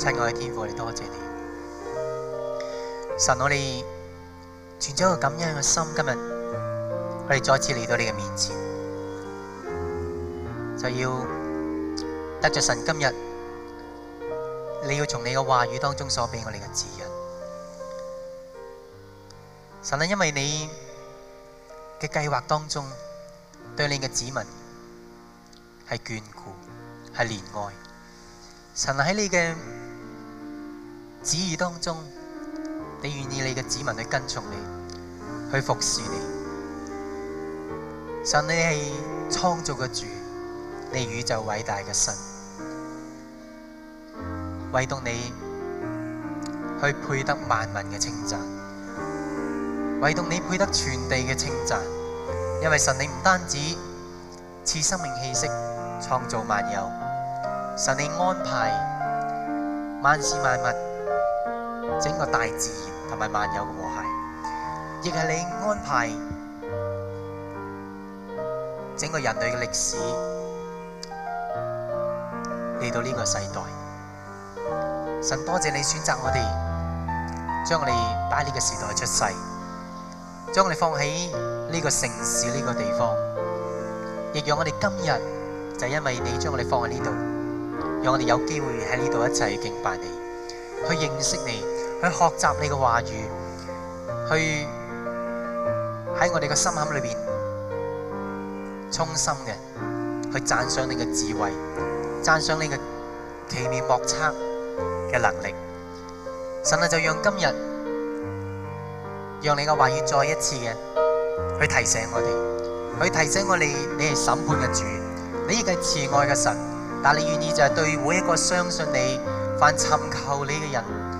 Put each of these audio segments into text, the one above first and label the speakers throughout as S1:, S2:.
S1: 親愛的天父，我哋多謝你。神，我哋存咗一個感恩嘅心，今日我哋再次嚟到你嘅面前，就要得着神。今日你要從你嘅話語當中所俾我哋嘅指引。神啊，因為你嘅計劃當中對你嘅子民係眷顧，係憐愛。神喺你嘅旨意當中，你願意你嘅子民去跟從你，去服侍你。神，你係創造嘅主，你宇宙偉大嘅神，唯獨你去配得萬民嘅稱讚，唯獨你配得全地嘅稱讚。因為神，你唔單止賜生命氣息，創造萬有，神，你安排萬事萬物。整個大自然同埋萬有嘅和諧，亦係你安排整個人類嘅歷史嚟到呢個世代。神，多謝你選擇我哋，將我哋擺喺呢個時代出世，將我哋放喺呢個城市、呢個地方，亦讓我哋今日就因為你將我哋放喺呢度，讓我哋有機會喺呢度一齊敬拜你，去認識你。去學習你嘅話語，去喺我哋嘅心坎裏邊衷心嘅去讚賞你嘅智慧，讚賞你嘅奇妙莫測嘅能力。神啊，就讓今日讓你嘅話語再一次嘅去提醒我哋，去提醒我哋，你係審判嘅主，你亦係慈愛嘅神，但你願意就係對每一個相信你、凡尋求你嘅人。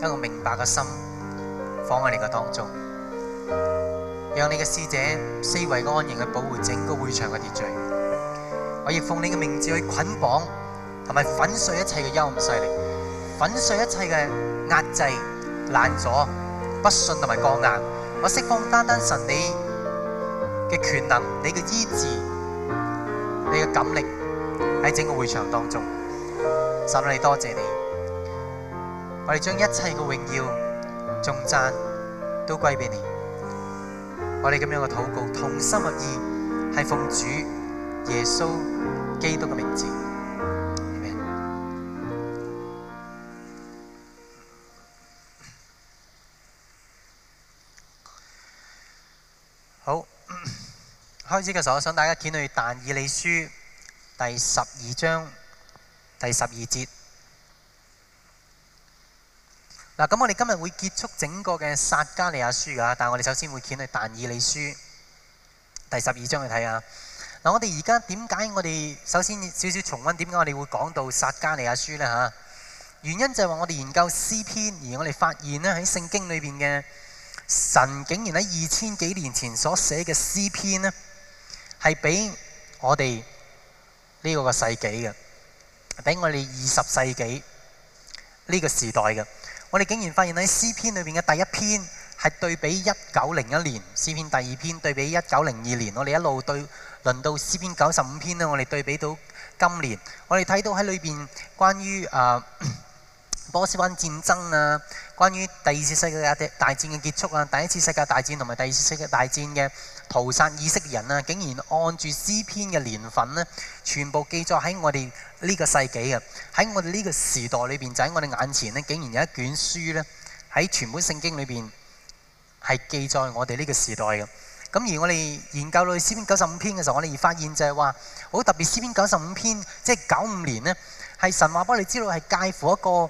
S1: 一個明白嘅心放喺你嘅當中，讓你嘅使者、四圍嘅安營去保護整個會場嘅秩序。我要奉你嘅名字去捆綁同埋粉碎一切嘅幽暗勢力，粉碎一切嘅壓制、攔阻、不信同埋過硬。我釋放單單神你嘅權能、你嘅醫治、你嘅感力喺整個會場當中。神，我哋多謝你。我哋將一切嘅榮耀、頌讚都歸俾你。我哋咁樣嘅禱告，同心合意，係奉主耶穌基督嘅名字。好，開始嘅時候，我想大家見到但以理書第十二章第十二節。嗱，咁我哋今日會結束整個嘅撒迦利亞書啊，但係我哋首先會捲去但以理書第十二章去睇啊。嗱，為什麼我哋而家點解我哋首先少少重溫？點解我哋會講到撒迦利亞書呢？吓，原因就係話我哋研究詩篇，而我哋發現呢，喺聖經裏邊嘅神竟然喺二千幾年前所寫嘅詩篇呢，係畀我哋呢個個世紀嘅，畀我哋二十世紀呢個時代嘅。我哋竟然發現喺詩篇裏邊嘅第一篇係對比一九零一年，詩篇第二篇對比一九零二年，我哋一路對，輪到詩篇九十五篇啦，我哋對比到今年，我哋睇到喺裏邊關於啊波斯灣戰爭啊，關於第二次世界大戰嘅結束啊，第一次世界大戰同埋第二次世界大戰嘅。屠殺意識嘅人啊，竟然按住詩篇嘅年份呢，全部記載喺我哋呢個世紀啊。喺我哋呢個時代裏邊，就喺我哋眼前呢，竟然有一卷書呢，喺全本聖經裏邊係記載我哋呢個時代嘅。咁而我哋研究到詩篇九十五篇嘅時候，我哋而發現就係話好特別，詩篇九十五篇即係九五年呢，係神話俾你知道係介乎一個。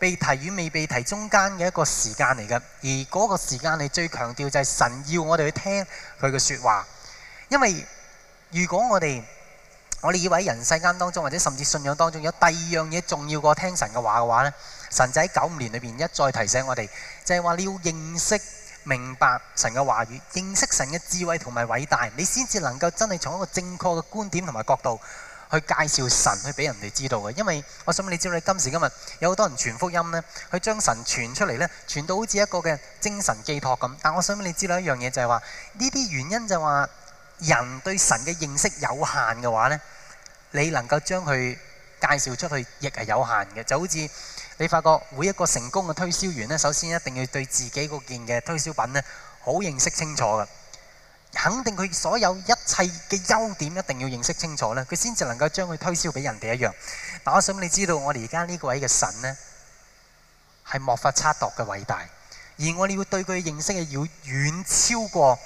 S1: 被提與未被提中間嘅一個時間嚟嘅，而嗰個時間你最強調就係神要我哋去聽佢嘅說話，因為如果我哋我哋以為喺人世間當中或者甚至信仰當中有第二樣嘢重要過聽神嘅話嘅話呢，神就喺九五年裏邊一再提醒我哋，就係話你要認識明白神嘅話語，認識神嘅智慧同埋偉大，你先至能夠真係從一個正確嘅觀點同埋角度，去介紹神去俾人哋知道嘅，因為我想俾你知道，你今時今日有好多人傳福音呢，佢將神傳出嚟呢，傳到好似一個嘅精神寄託咁。但我想俾你知道一樣嘢就係話，呢啲原因就係話人對神嘅認識有限嘅話呢，你能夠將佢介紹出去亦係有限嘅，就好似你發覺每一個成功嘅推銷員呢，首先一定要對自己嗰件嘅推銷品呢，好認識清楚嘅。肯定佢所有一切嘅優點一定要認識清楚咧，佢先至能夠將佢推銷俾人哋一樣。但我想你知道，我哋而家呢個位嘅神咧，係莫法測度嘅偉大，而我哋要對佢認識嘅要遠超過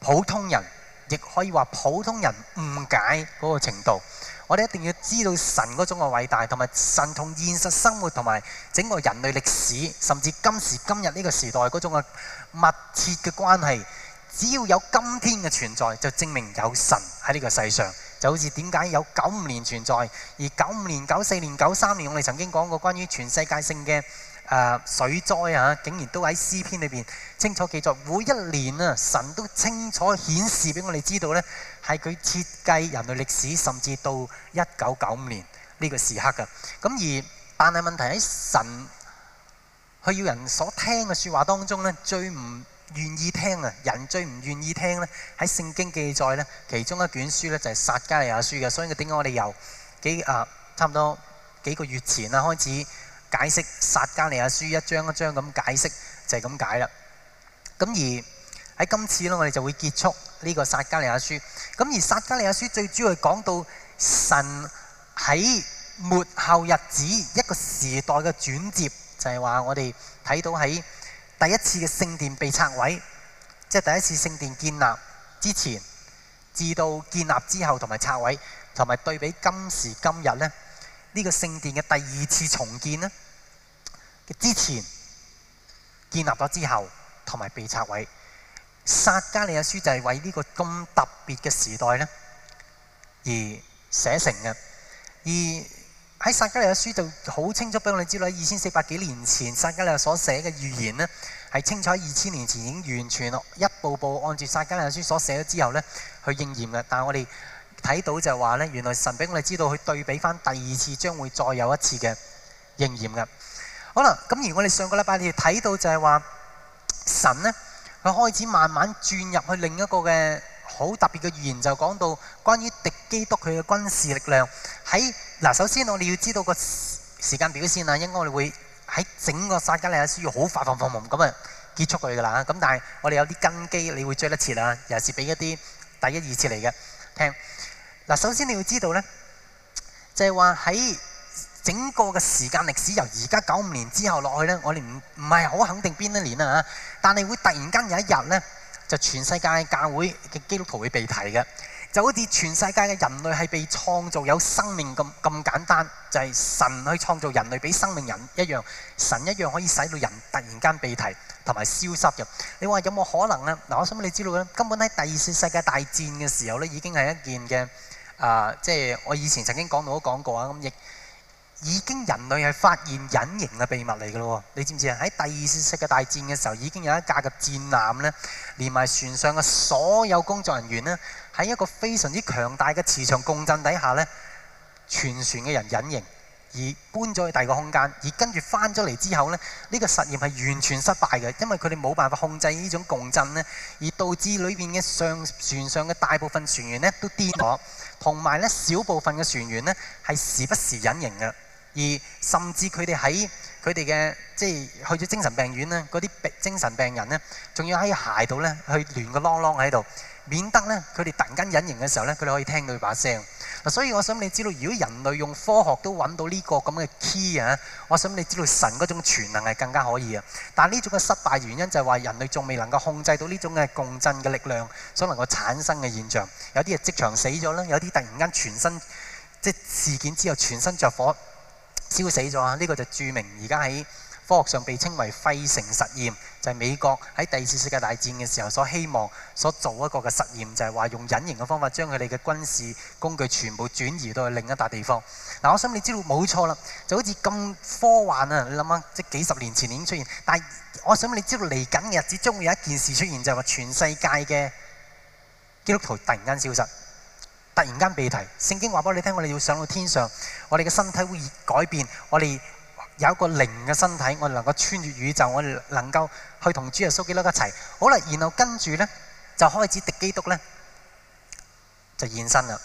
S1: 普通人，亦可以話普通人誤解嗰個程度。我哋一定要知道神嗰種嘅偉大，同埋神同現實生活同埋整個人類歷史，甚至今時今日呢個時代嗰種嘅密切嘅關係。只要有今天嘅存在，就證明有神喺呢個世上，就好似點解有九五年存在，而九五年、九四年、九三年，我哋曾經講過關於全世界性嘅、呃、水災啊，竟然都喺詩篇裏面。清楚記載，每一年啊，神都清楚顯示俾我哋知道呢係佢設計人類歷史，甚至到一九九五年呢個時刻嘅。咁而但係問題喺神去要人所聽嘅說話當中呢，最唔～願意聽啊！人最唔願意聽呢。喺聖經記載呢，其中一卷書呢、就係，就係撒迦利亞書嘅，所以佢點解我哋由幾啊差唔多幾個月前啦開始解釋撒迦利亞書一章一章咁解釋，就係咁解啦。咁而喺今次呢，我哋就會結束呢、呢個撒迦利亞書。咁而撒迦利亞書最主要係講到神喺末後日子一個時代嘅轉折，就係、係、話我哋睇到喺。第一次嘅聖殿被拆毀，即係第一次聖殿建立之前，至到建立之後同埋拆毀，同埋對比今時今日呢，呢個聖殿嘅第二次重建呢，之前建立咗之後同埋被拆毀，撒迦利亞書就係為呢個咁特別嘅時代呢而寫成嘅。而喺撒迦利亞嘅書就好清楚俾我哋知道，二千四百幾年前撒迦利亞所寫嘅預言呢，係清楚二千年前已經完全一步步按住撒迦利亞書所寫咗之後呢去應驗嘅。但係我哋睇到就係話呢，原來神俾我哋知道去對比翻第二次將會再有一次嘅應驗嘅。好啦，咁而我哋上個禮拜你哋睇到就係話神呢，佢開始慢慢轉入去另一個嘅好特別嘅預言，就講到關於敵基督佢嘅軍事力量喺。在嗱，首先我哋要知道個時間表先啦，應該我哋會喺整個撒迦利亞書要好快放放蒙咁啊結束佢㗎喇，咁但係我哋有啲根基，你會追得切啦，又是俾一啲第一二次嚟嘅聽。嗱，首先你要知道呢，就係話喺整個嘅時間歷史由而家九五年之後落去呢，我哋唔唔係好肯定邊一年啊，但係會突然間有一日呢，就全世界教會嘅基督徒會被提嘅。就好似全世界嘅人類係被創造有生命咁咁簡單，就係神去創造人類俾生命人一樣，神一樣可以使到人突然間被提同埋消失嘅。你話有冇可能呢？嗱，我想你知道咧，根本喺第二次世界大戰嘅時候咧，已經係一件嘅啊，即係，呃，就係，我以前曾經講到都講過啊，咁亦已經人類係發現隱形嘅秘密嚟嘅咯。你知唔知啊？喺第二次世界大戰嘅時候，已經有一架嘅戰艦呢，連埋船上嘅所有工作人員呢。喺一個非常之強大嘅磁場共振底下呢，全船嘅人隱形而搬咗去第二個空間。而跟住翻咗嚟之後呢，呢個實驗係完全失敗嘅，因為佢哋冇辦法控制呢種共振呢，而導致裏邊嘅上船上嘅大部分船員呢都癲咗，同埋呢小部分嘅船員呢係時不時隱形嘅，而甚至佢哋喺佢哋嘅即係去咗精神病院呢嗰啲精神病人呢，仲要喺鞋度呢去亂個啷啷喺度。免得呢，佢哋突然間隱形嘅時候呢，佢哋可以聽到佢把聲。所以我想你知道，如果人類用科學都揾到呢個咁嘅 key 啊，我想你知道神嗰種全能係更加可以啊。但呢種嘅失敗原因就係話人類仲未能夠控制到呢種嘅共振嘅力量所能夠產生嘅現象。有啲係即場死咗啦，有啲突然間全身即事件之後全身着火燒死咗啊！呢、這個就註明而家喺，科學上被稱為費城實驗，就係美國喺第二次世界大戰嘅時候所希望所做一個嘅實驗，就係話用隱形嘅方法將佢哋嘅軍事工具全部轉移到去另一笪地方。嗱，我想你知道冇錯啦，就好似咁科幻啊！你諗下，即係幾十年前已經出現。但係我想你知道嚟緊嘅日子將會有一件事出現，就係話全世界嘅基督徒突然間消失，突然間被提。聖經話俾你聽，我哋要上到天上，我哋嘅身體會改變，我哋。有一個靈嘅身體，我哋能夠穿越宇宙，我哋能夠去同主耶穌基督一齊。好啦，然後跟住呢，就開始敵基督呢，就現身啦。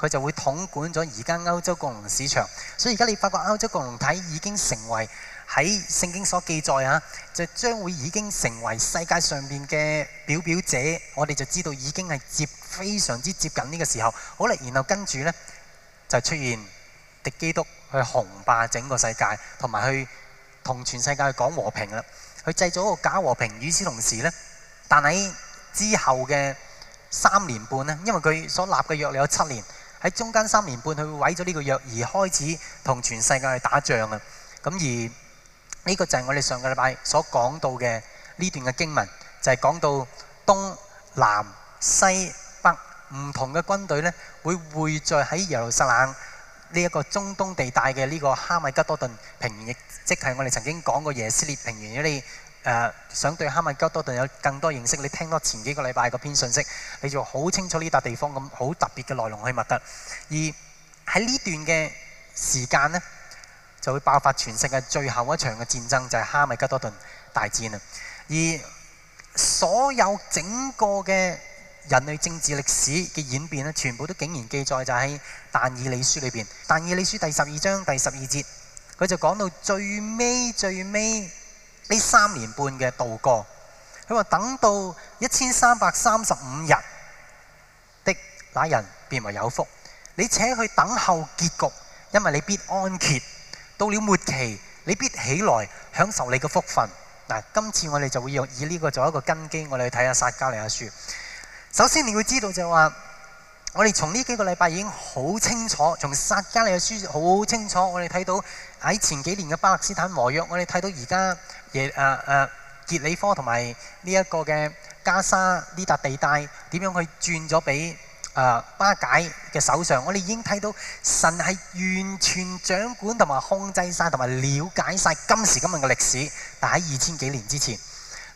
S1: 佢就會統管咗而家歐洲共同市場。所以而家你發覺歐洲共同體已經成為喺聖經所記載啊，就將會已經成為世界上面嘅表表者。我哋就知道已經係接非常之接近呢個時候。好啦，然後跟住呢，就出現。敵基督去雄霸整個世界，同埋去同全世界講和平啦。佢製造一個假和平，與此同時呢，但喺之後嘅三年半呢，因為佢所立嘅約有七年喺中間三年半，佢會毀咗呢個約，而開始同全世界去打仗啊。咁而呢個就係我哋上個禮拜所講到嘅呢段嘅經文，就係、是、講到東南西北唔同嘅軍隊呢，會匯聚喺耶路撒冷。呢、這、一個中東地帶嘅呢個哈米吉多頓平原，亦即係我哋曾經講過耶斯列平原。如果你誒想對哈米吉多頓有更多認識，你聽多前幾個禮拜嗰篇信息，你就好清楚呢笪地方咁好特別嘅內容去物嘅。而喺呢段嘅時間呢，就會爆發全世界最後一場嘅戰爭，就係、是、哈米吉多頓大戰啦。而所有整個嘅。人類政治歷史嘅演變全部都竟然記載就喺《但以理書》裏邊，《但以理書》第十二章第十二節，佢就講到最尾最尾呢三年半嘅度過。佢話等到一千三百三十五日的那人變為有福，你且去等候結局，因為你必安歇。到了末期，你必起來享受你嘅福分。嗱，今次我哋就會用以呢個做一個根基，我哋去睇下《撒迦利亞書》。首先，你會知道就話，我哋從呢幾個禮拜已經好清楚，從撒迦利亞書好清楚，我哋睇到喺前幾年嘅巴勒斯坦和約，我哋睇到而家耶，誒誒傑里科同埋呢一個嘅加沙呢笪地帶點樣去轉咗俾誒巴解嘅手上，我哋已經睇到神係完全掌管同埋控制晒同埋了解晒今時今日嘅歷史，但喺二千幾年之前。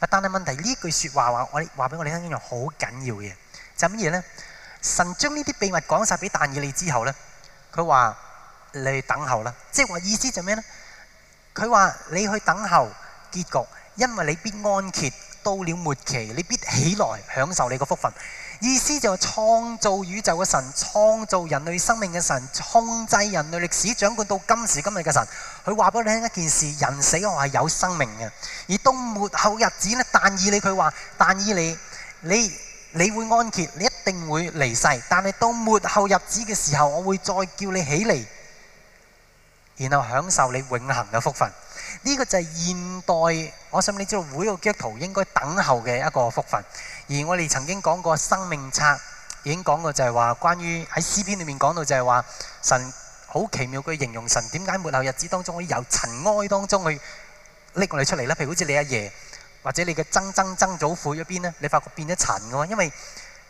S1: 但係問題呢句説話話我哋話俾我哋聽一樣好緊要嘅，就係咩嘢咧？神將呢啲秘密講晒俾但以理之後咧，佢話你等候啦，即係話意思就咩咧？佢話你去等候結局，因為你必安歇，到了末期你必起來享受你個福分。意思就係創造宇宙嘅神，創造人類生命嘅神，控制人類歷史、掌管到今時今日嘅神，佢話俾你聽一件事：人死後係有生命嘅，而到末後日子呢，但以理，佢話，但以理你，你會安歇，你一定會離世，但係到末後日子嘅時候，我會再叫你起嚟，然後享受你永恆嘅福分。呢、這個就係現代我想你知道，每個基督徒應該等候嘅一個福分。而我哋曾經講過生命冊已經講過就，就係話關於喺詩篇裏面講到，就係話神好奇妙，佢形容神點解末後日子當中可以由塵埃當中去拎佢哋出嚟呢？譬如好似你阿爺或者你嘅曾、曾曾曾祖父嗰邊呢，你發覺變咗塵嘅，因為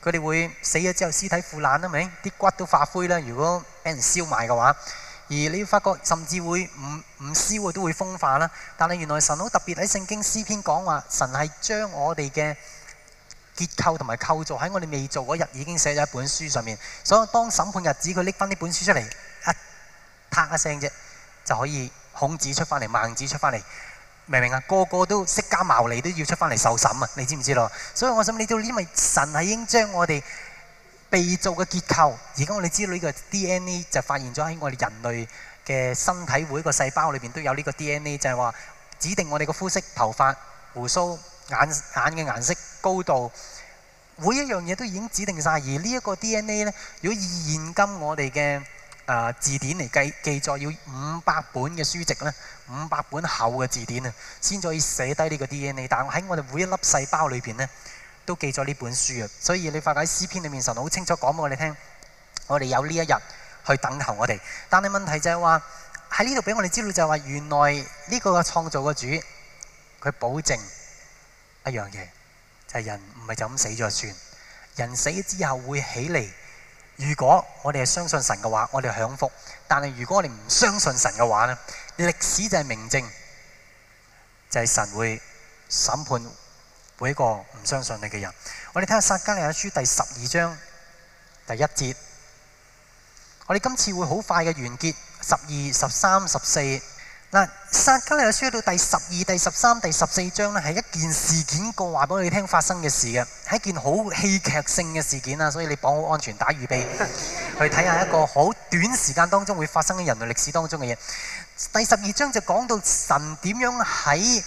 S1: 佢哋會死咗之後，屍體腐爛啦，咪啲骨都發灰啦。如果俾人燒埋嘅話，而你會發覺甚至會唔唔燒都會風化啦。但係原來神好特別喺聖經詩篇講話，神係將我哋嘅。結構同埋構造喺我哋未做嗰日已經寫咗一本書上面，所以當審判日子佢拎翻呢本書出嚟，一、啊、啪一聲啫，就可以孔子出翻嚟，孟子出翻嚟，明唔明啊？個個都釋迦牟尼都要出翻嚟受審啊！你知唔知道？所以我想你都因為神係已經將我哋被造嘅結構，而家我哋知道呢個 DNA 就發現咗喺我哋人類嘅身體每個細胞裏邊都有呢個 DNA，就係話指定我哋嘅膚色、頭髮、鬍鬚。眼眼嘅顏色、高度，每一樣嘢都已經指定晒。而呢一個 D N A 呢，如果以現今我哋嘅誒字典嚟記記載，要五百本嘅書籍咧，五百本厚嘅字典啊，先可以寫低呢個 D N A。但喺我哋每一粒細胞裏邊呢，都記咗呢本書啊。所以你發覺喺詩篇裏面神好清楚講俾我哋聽，我哋有呢一日去等候我哋。但係問題就係話喺呢度俾我哋知道就係話，原來呢個創造嘅主佢保證。一事、就是、是樣嘢就係人唔係就咁死咗就算，人死之後會起嚟。如果我哋係相信神嘅話，我哋享福；但係如果我哋唔相信神嘅話咧，歷史就係明證，就係、是、神會審判每一個唔相信你嘅人。我哋睇下撒迦利亞書第十二章第一節。我哋今次會好快嘅完結十二、十三、十四。嗱，撒迦利亞書到第十二、第十三、第十四章咧，係一件事件，過話俾你聽發生嘅事嘅，係一件好戲劇性嘅事件啦，所以你綁好安全帶預備，去睇下一個好短時間當中會發生嘅人類歷史當中嘅嘢。第十二章就講到神點樣喺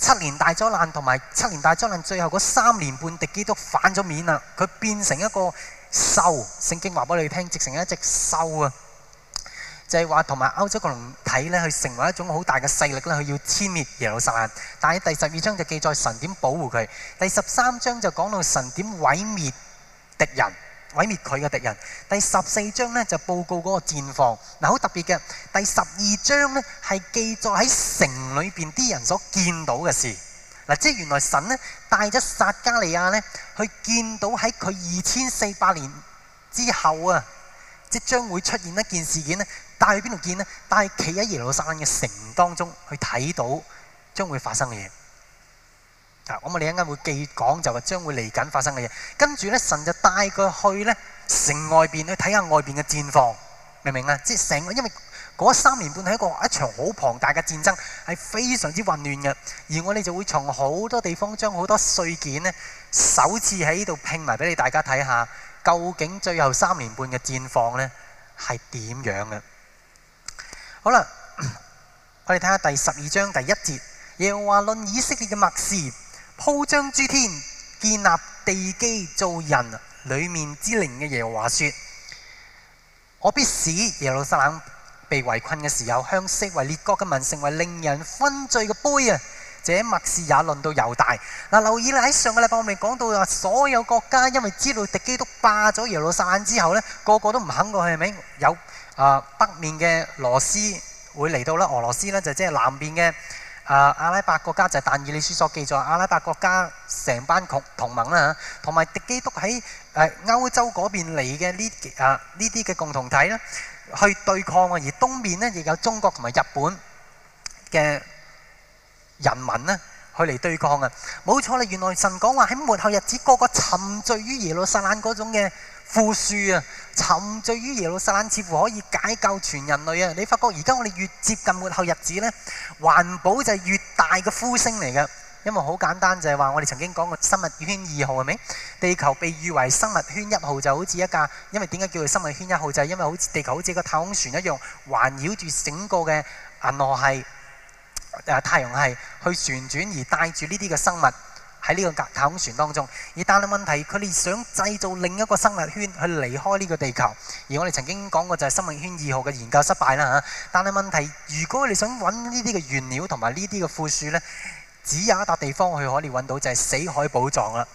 S1: 七年大災難同埋七年大災難最後嗰三年半，敵基督反咗面啦，佢變成一個獸，聖經話俾你聽，直成一隻獸啊！就係話同埋歐洲共同體咧，佢成為一種好大嘅勢力咧，佢要殲滅耶路撒冷。但係第十二章就記載神點保護佢，第十三章就講到神點毀滅敵人，毀滅佢嘅敵人。第十四章呢就報告嗰個戰況。嗱，好特別嘅，第十二章呢係記載喺城裏邊啲人所見到嘅事。嗱，即係原來神咧帶咗撒迦利亞呢去見到喺佢二千四百年之後啊，即將會出現一件事件呢。帶去邊度見咧？帶佢企喺耶路撒冷嘅城當中去睇到將會發生嘅嘢。嗱、啊，我哋一陣間會記講就係將會嚟緊發生嘅嘢。跟住咧，神就帶佢去咧城外邊去睇下外邊嘅戰況，明唔明啊？即係成個，因為嗰三年半係一個一場好龐大嘅戰爭，係非常之混亂嘅。而我哋就會從好多地方將好多碎件咧，首次喺度拼埋俾你大家睇下，究竟最後三年半嘅戰況咧係點樣嘅？好啦，我哋睇下第十二章第一節，耶和華論以色列嘅默示，鋪張諸天，建立地基，造人裏面之靈嘅耶和華說：我必使耶路撒冷被圍困嘅時候，向四圍列國嘅民成為令人昏醉嘅杯啊！這默示也論到猶大嗱，留意啦，喺上個禮拜我未講到話，所有國家因為知道敵基督霸咗耶路撒冷之後咧，個個都唔肯過去，係咪？有啊北面嘅羅斯會嚟到啦，俄羅斯啦就即係南面嘅啊阿拉伯國家，就但以理書所記載阿拉伯國家成班同同盟啦，同埋敵基督喺誒歐洲嗰邊嚟嘅呢啊呢啲嘅共同體啦，去對抗啊！而東面咧亦有中國同埋日本嘅，人民咧去嚟對抗啊！冇錯啦，原來神講話喺末後日子，個個沉醉於耶路撒冷嗰種嘅富庶啊，沉醉於耶路撒冷，似乎可以解救全人類啊！你發覺而家我哋越接近末後日子呢，環保就係越大嘅呼聲嚟㗎，因為好簡單就係話我哋曾經講過生物圈二號係咪？地球被譽為生物圈一號就好似一架，因為點解叫做生物圈一號就係因為好似地球好似個太空船一樣，環繞住整個嘅銀河系。啊！太陽系去旋轉而帶住呢啲嘅生物喺呢個架太空船當中，而但係問題，佢哋想製造另一個生物圈去離開呢個地球，而我哋曾經講過就係生物圈二號嘅研究失敗啦嚇。但係問題，如果你想揾呢啲嘅原料同埋呢啲嘅富庶呢，只有一笪地方去可以揾到就係死海寶藏啦。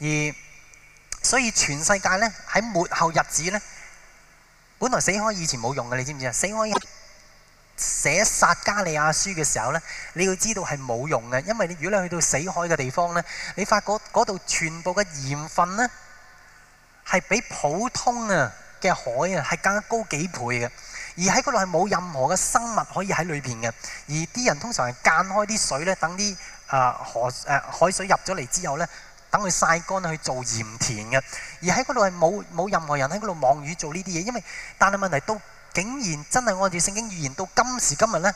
S1: 而所以全世界呢，喺末後日子呢，本來死海以前冇用嘅，你知唔知啊？死海。寫撒迦利亞書嘅時候呢，你要知道係冇用嘅，因為你如果你去到死海嘅地方呢，你發覺嗰度全部嘅鹽分呢，係比普通啊嘅海啊係更加高幾倍嘅，而喺嗰度係冇任何嘅生物可以喺裏邊嘅，而啲人通常係間開啲水呢，等啲啊河誒海,、啊、海水入咗嚟之後呢，等佢晒乾去做鹽田嘅，而喺嗰度係冇冇任何人喺嗰度望魚做呢啲嘢，因為但係問題都。竟然真係按照聖經預言，到今時今日呢，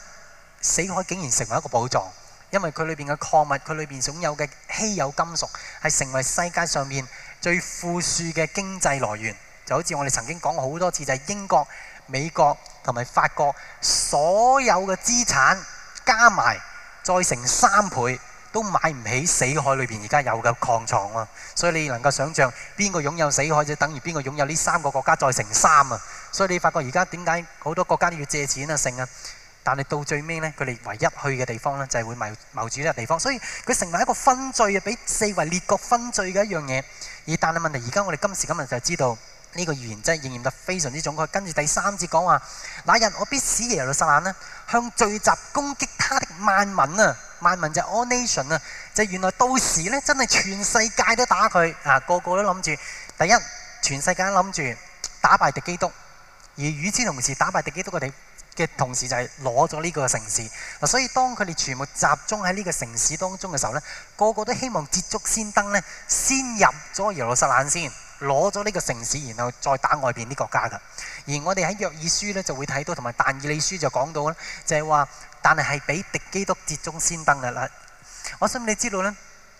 S1: 死海竟然成為一個寶藏，因為佢裏面嘅礦物，佢裏面擁有嘅稀有金屬，係成為世界上面最富庶嘅經濟來源。就好似我哋曾經講過好多次，就係、是、英國、美國同埋法國所有嘅資產加埋再乘三倍，都買唔起死海裏面而家有嘅礦床啊。所以你能夠想象，邊個擁有死海，就等於邊個擁有呢三個國家再乘三啊！所以你發覺而家點解好多國家都要借錢啊、剩啊，但係到最尾呢，佢哋唯一去嘅地方呢，就係會謀住呢個地方，所以佢成為一個分罪，啊，俾四圍列國分罪嘅一樣嘢。而但係問題，而家我哋今時今日就知道呢個預言真係應驗得非常之總概括。跟住第三節講話，那日我必使耶路撒冷呢，向聚集攻擊他的萬民啊，萬民就係 all nation 啊，就係、原來到時呢，真係全世界都打佢啊，個個都諗住第一全世界諗住打敗敵基督。而與此同時，打敗敵基督嘅地嘅同時，就係攞咗呢個城市。嗱，所以當佢哋全部集中喺呢個城市當中嘅時候呢，個個都希望捷足先登呢，先入咗耶路撒冷先，攞咗呢個城市，然後再打外邊啲國家㗎。而我哋喺約珥書呢就會睇到，同埋但以理書就講到呢，就係話，但係係俾敵基督捷足先登嘅啦。我想你知道呢，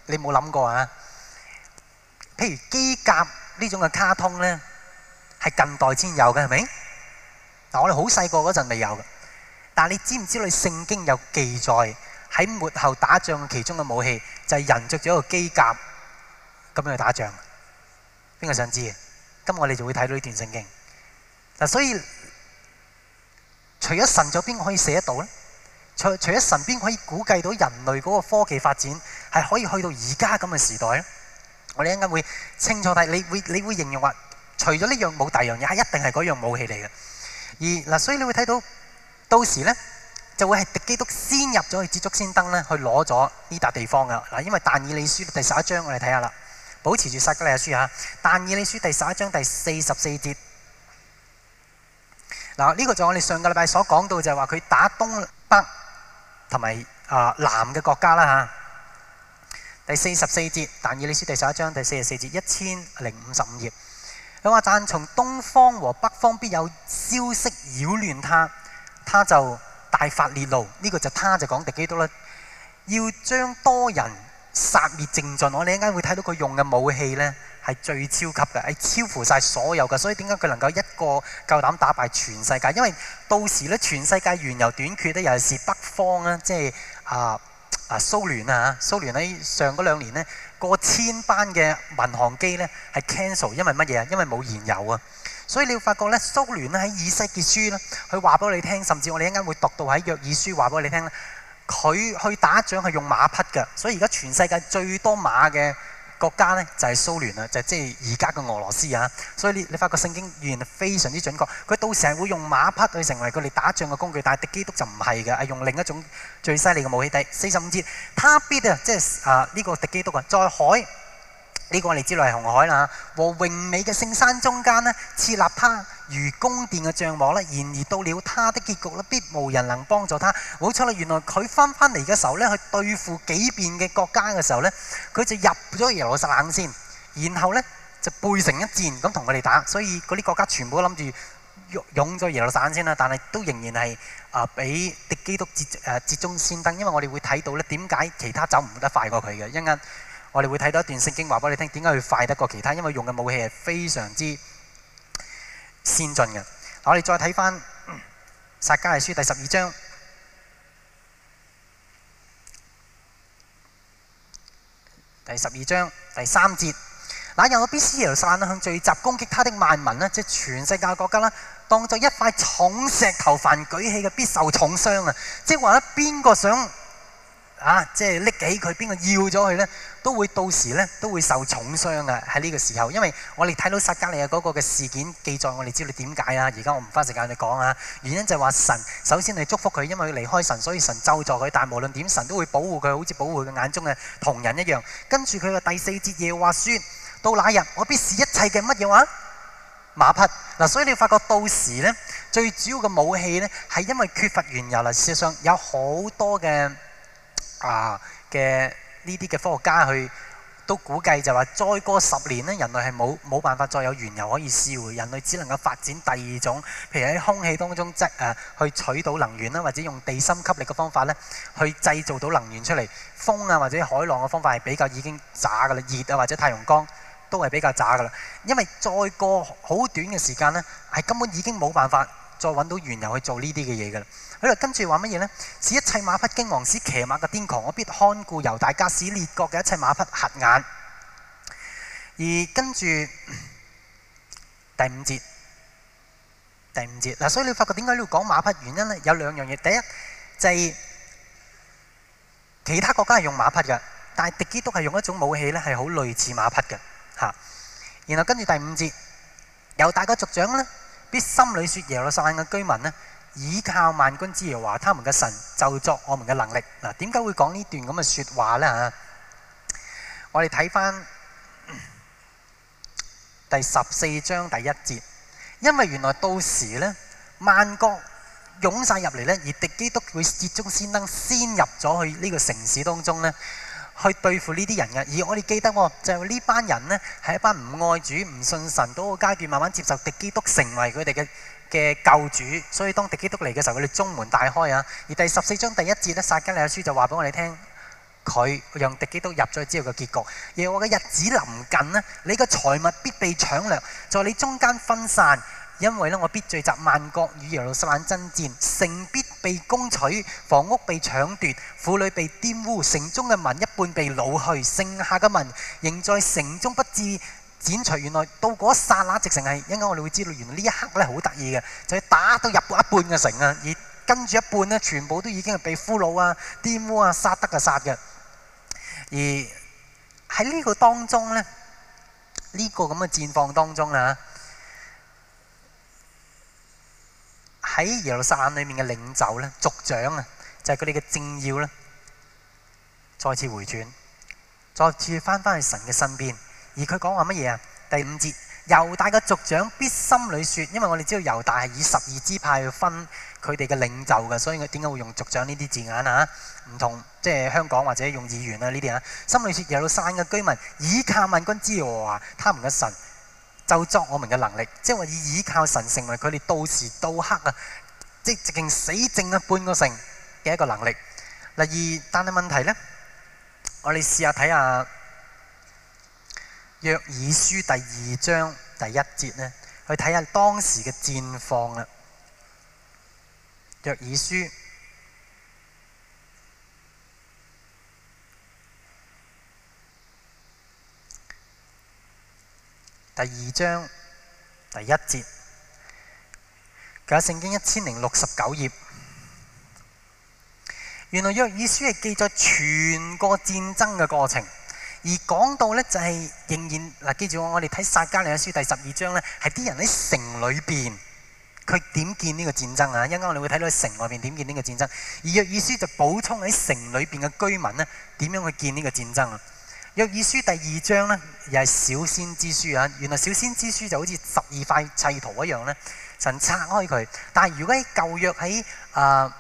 S1: 你冇諗過啊？譬如機甲呢種嘅卡通呢，係近代先有嘅，係咪？嗱，我哋好細個嗰陣未有嘅，但係你知唔知？你聖經有記載喺末後打仗嘅其中嘅武器就係人着咗一個機甲咁樣去打仗。邊個想知啊？咁我哋就會睇到呢段聖經。嗱，所以除咗神，仲有邊個可以寫得到咧？除除咗神，邊個可以估計到人類嗰個科技發展係可以去到而家咁嘅時代咧？我哋應該會清楚睇，你會你會形容話，除咗呢樣冇第二樣嘢，係一定係嗰樣武器嚟嘅。而嗱,所以你會睇到，到時咧就會係敵基督先入咗去接觸先登咧，去攞咗呢笪地方噶。嗱，因為但以理書第十一章，我哋睇下啦。保持住撒迦利亞書下《但以理書第十一章第四十四節。嗱，呢個就我哋上個禮拜所講到就係話佢打東北同埋啊南嘅國家啦嚇。第四十四節，但以理書第十一章第四十四節，一千零五十五頁。佢話讚從東方和北方必有消息擾亂他，他就大發烈怒。呢、這個就他就講、是、敵基督咧？要將多人殺滅淨盡。我哋啱啱會睇到佢用嘅武器呢係最超級嘅，係超乎晒所有嘅。所以點解佢能夠一個夠膽打敗全世界？因為到時呢，全世界原油短缺咧，尤其是北方是啊，即係啊啊蘇聯啊，蘇聯喺上嗰兩年呢。過千班嘅民航機呢係 cancel，因為乜嘢啊？因為冇燃油啊！所以你會發覺呢，蘇聯呢喺以西結書呢，佢話俾你聽，甚至我哋一陣會讀到喺約珥書話俾你聽呢，佢去打仗係用馬匹㗎，所以而家全世界最多馬嘅。國家呢就係蘇聯啦，就即係而家嘅俄羅斯啊，所以你你發覺聖經預言非常之準確，佢到時會用馬匹去成為佢哋打仗嘅工具，但係敵基督就唔係嘅，係用另一種最犀利嘅武器。第四十五節，他必啊，即係呢個敵基督啊，在海。呢、這個我哋知啦，係紅海啦，和榮美嘅聖山中間呢，設立他如宮殿嘅帳幕，然而到了他的結局呢，必無人能幫助他。冇錯啦，原來佢翻翻嚟嘅時候呢，去對付幾遍嘅國家嘅時候呢，佢就入咗耶路撒冷先，然後呢就背成一箭咁同佢哋打，所以嗰啲國家全部都諗住湧咗耶路撒冷先啦，但係都仍然係啊俾敵基督截，截中先登，因為我哋會睇到呢點解其他走唔得快過佢嘅一我哋會睇到一段聖經話俾你聽，點解佢快得過其他？因為用嘅武器係非常之先進嘅。我哋再睇返撒迦利亞書第十二章，第十二章第三節，嗱，有個必使耶路撒冷向聚集攻擊他的萬民啦，即係全世界國家啦，當作一塊重石頭，凡舉起嘅必受重傷啊！即係話邊個想？啊！即係拎起佢，邊個要咗佢呢？都會到時呢，都會受重傷啊！喺呢個時候，因為我哋睇到撒迦利亞嗰個嘅事件記載，我哋知道點解啊？而家我唔花時間去講啊。原因就係話神首先你祝福佢，因為佢離開神，所以神咒助佢。但無論點，神都會保護佢，好似保護佢眼中嘅同人一樣。跟住佢嘅第四節嘢話説：到那日，我必使一切嘅乜嘢話馬匹嗱，所以你發覺到時呢，最主要嘅武器呢，係因為缺乏原油啦。事實上有好多嘅。啊嘅呢啲嘅科學家去都估計就話再過十年呢，人類係冇冇辦法再有原油可以燒嘅。人類只能夠發展第二種，譬如喺空氣當中即、啊、去取到能源啦，或者用地心吸力嘅方法呢，去製造到能源出嚟。風啊或者海浪嘅方法係比較已經渣㗎啦，熱啊或者太陽光都係比較渣㗎啦。因為再過好短嘅時間呢，係根本已經冇辦法再揾到原油去做呢啲嘅嘢㗎啦。佢話跟住話乜嘢呢？「使一切馬匹驚惶，使騎馬嘅癲狂，我必看顧猶大家，使列國嘅一切馬匹瞎眼。而跟住第五節，第五節，嗱，所以你發覺點解你要講馬匹原因呢？有兩樣嘢，第一，祭、就係、其他國家係用馬匹嘅，但係敵基督係用一種武器咧，係好類似馬匹嘅嚇。然後跟住第五節，猶大家族長呢，必心裏説耶路撒冷嘅居民呢。倚靠萬軍之耶華，他們嘅神就作我們嘅能力。嗱，點解會講呢段咁嘅說話呢？吓，我哋睇翻第十四章第一節，因為原來到時呢，萬國湧晒入嚟呢，而敵基督會捷足先登，先入咗去呢個城市當中呢，去對付呢啲人嘅。而我哋記得就係呢班人呢，係一班唔愛主、唔信神，到個階段慢慢接受敵基督，成為佢哋嘅嘅救主，所以當敵基督嚟嘅時候，佢哋中門大開啊！而第十四章第一節咧，撒迦利亞書就話俾我哋聽，佢讓敵基督入咗之後嘅結局。而我嘅日子臨近呢，你嘅財物必被搶掠，在你中間分散，因為呢，我必聚集萬國與耶路撒冷爭戰，城必被攻取，房屋被搶奪，婦女被玷污，城中嘅民一半被擄去，剩下嘅民仍在城中不治。剪除原來到嗰一剎那，那直是，直情係，應該我哋會知道，原來呢一刻咧好得意嘅，就係、是、打到入到一半嘅城啊，而跟住一半咧，全部都已經係被俘虜啊、玷污啊、殺得嘅殺嘅。而喺呢個當中咧，呢、這個咁嘅戰況當中啊，喺耶路撒冷裏面嘅領袖咧、族長啊，就係佢哋嘅政要咧，再次回轉，再次翻返去神嘅身邊。而佢講話乜嘢啊？第五節猶大嘅族長必心裡説，因為我哋知道猶大係以十二支派去分佢哋嘅領袖嘅，所以佢點解會用族長呢啲字眼啊？唔同即係香港或者用議員啊呢啲啊。心裡説耶路撒冷嘅居民倚靠萬軍之王，他們嘅神就作我哋嘅能力，即係話以倚靠神成為佢哋到時到刻啊，即係直情死剩啊半個城嘅一個能力。例如，但係問題呢，我哋試下睇下。約珥書第二章第一節咧，去睇下當時嘅戰況啦。約珥書第二章第一節，佢喺聖經一千零六十九頁。原來約珥書係記咗全個戰爭嘅過程。而講到呢，就係仍然嗱，記住我哋睇撒迦利亞書第十二章呢，係啲人喺城裏邊，佢點見呢個戰爭啊？一陣間我哋會睇到城外邊點見呢個戰爭，而約珥書就補充喺城裏邊嘅居民呢點樣去見呢個戰爭啊？約珥書第二章呢，又係小先知書啊，原來小先知書就好似十二塊砌圖一樣呢，神拆開佢，但係如果喺舊約喺啊。呃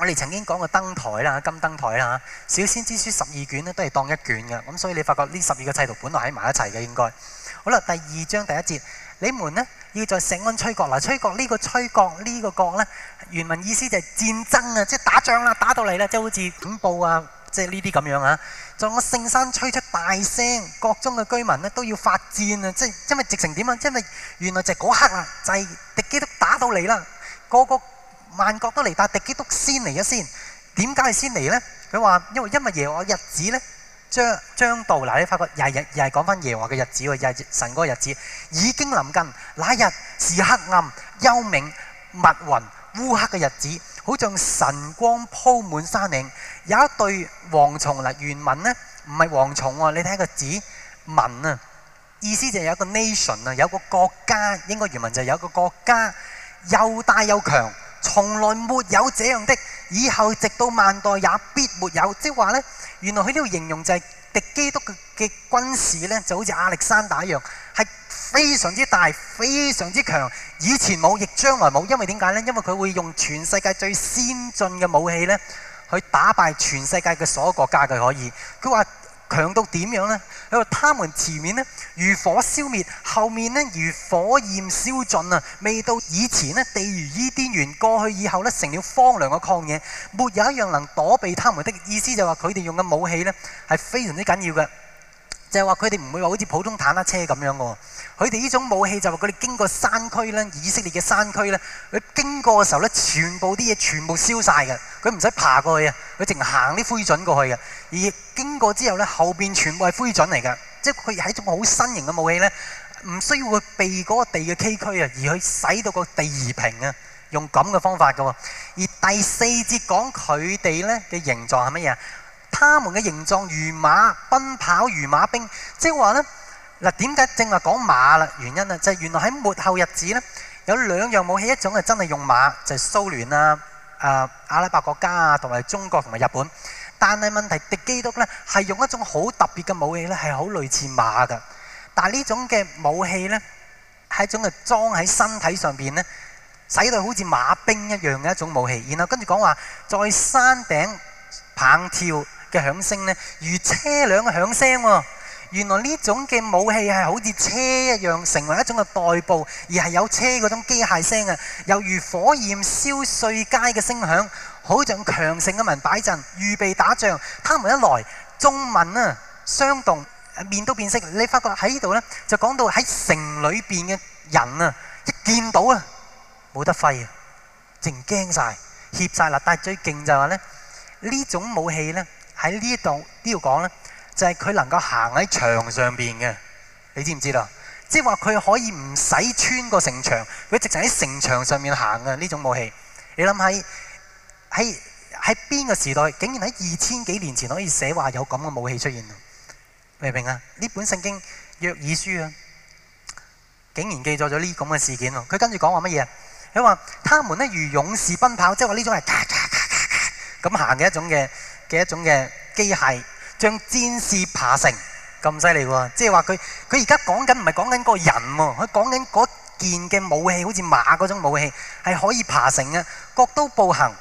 S1: 我哋曾經講過燈台啦，金燈台啦，《小先知書》十二卷咧都係當一卷嘅，咁所以你發覺呢十二個制度本來喺埋一齊嘅應該。好啦，第二章第一節，你們呢要在錫安吹角，嗱吹角呢、這個吹角呢、這個角呢，原文意思就係戰爭啊，即係打仗啦，打到嚟咧，即係好似恐怖啊，即係呢啲咁樣啊，在我聖山吹出大聲，國中嘅居民呢都要發顫啊，即係因為直成點啊，因為原來就係嗰刻啦，就係敵基督都打到嚟啦，個萬國都嚟，但敵基督先嚟咗先。點解係先嚟呢？佢話：因為因為耶和華日子呢，將將到。嗱，你發覺又係又係講翻耶和華嘅日子喎，又係神嗰個日子已經臨近。那一日是黑暗、幽冥、密雲、烏黑嘅日子，好像晨光鋪滿山嶺。有一對蝗蟲嗱，原文呢，唔係蝗蟲喎，你睇個字文啊，意思就係有一個 nation 啊，有個國家。應該原文就係有個國家又大又強。從來沒有這樣的，以後直到萬代也必沒有。即係話咧，原來佢呢個形容就係、是、敵基督嘅嘅軍事呢，就好似亞歷山大一樣，係非常之大、非常之強。以前冇，亦將來冇。因為點解呢？因為佢會用全世界最先進嘅武器呢，去打敗全世界嘅所有國家。佢可以，佢話。強到點樣呢？佢話，他們前面呢如火燒滅，後面呢如火焰燒盡啊！未到以前呢，地如伊甸園，過去以後呢，成了荒涼嘅曠野，沒有一樣能躲避他們的。意思就話佢哋用嘅武器呢係非常之緊要嘅。就係話佢哋唔會話好似普通坦克車咁樣嘅，佢哋呢種武器就係話佢哋經過山區咧，以色列嘅山區咧，佢經過嘅時候呢，全部啲嘢全部燒晒嘅，佢唔使爬過去啊，佢淨行啲灰燼過去嘅，而經過之後呢，後邊全部係灰燼嚟嘅，即係佢係一種好新型嘅武器呢，唔需要去避嗰個地嘅崎嶇啊，而去使到個地而平啊，用咁嘅方法嘅。而第四節講佢哋呢嘅形狀係乜嘢？他們嘅形狀如馬奔跑，如馬兵，即係話呢，嗱點解正話講馬啦？原因啊，就係原來喺末後日子呢，有兩樣武器，一種係真係用馬，就係蘇聯啊、啊、呃、阿拉伯國家啊同埋中國同埋日本。但係問題，敵基督呢係用一種好特別嘅武器呢係好類似馬嘅。但係呢種嘅武器呢，係一種啊裝喺身體上邊呢使到好似馬兵一樣嘅一種武器。然後跟住講話，在山頂蹦跳。嘅響聲咧，如車輛嘅響聲喎。原來呢種嘅武器係好似車一樣，成為一種嘅代步，而係有車嗰種機械聲嘅，猶如火焰燒碎街嘅聲響，好似強盛嘅民擺陣預備打仗，他們一來，眾民啊，傷動面都變色。你發覺喺呢度咧，就講到喺城裏邊嘅人啊，一見到啊，冇得揮，淨驚曬怯曬喇。但最勁就話咧，呢種武器咧。喺呢度都要講咧，就係、是、佢能夠行喺牆上邊嘅，你知唔知啦？即係話佢可以唔使穿個城牆，佢直情喺城牆上面行嘅呢種武器。你諗喺喺喺邊個時代，竟然喺二千幾年前可以寫話有咁嘅武器出現？明唔明啊？呢本聖經約珥書啊，竟然記載咗呢咁嘅事件喎。佢跟住講話乜嘢啊？佢話：他們咧如勇士奔跑，即係話呢種係咔咔咔咔咔咁行嘅一種嘅。嘅一種嘅機械，像戰士爬城咁犀利喎！即係話佢佢而家講緊唔係講緊個人喎，佢講緊嗰件嘅武器，好似馬嗰種武器係可以爬城嘅。各都步行，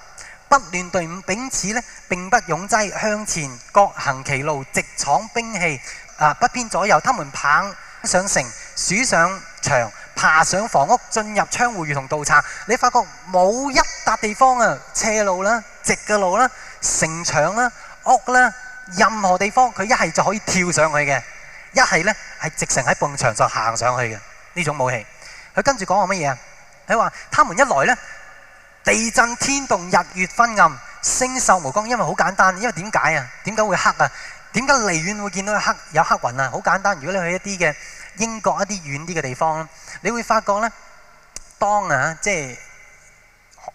S1: 不亂隊伍，彼此呢，並不擁擠向前，各行其路，直闖兵器啊！不偏左右，他們棒上城，鼠上牆，爬上房屋，進入窗戶，如同盜賊。你發覺冇一笪地方啊，斜路啦、啊，直嘅路啦、啊。城牆啦、啊、屋啦、啊、任何地方，佢一係就可以跳上去嘅；一係呢，係直情喺墳牆上行上去嘅呢種武器。佢跟住講話乜嘢啊？佢話：他們一來呢，地震天動，日月昏暗，星宿無光。因為好簡單，因為點解啊？點解會黑啊？點解離遠會見到黑有黑雲啊？好簡單，如果你去一啲嘅英國一啲遠啲嘅地方咧，你會發覺呢，當啊，即係。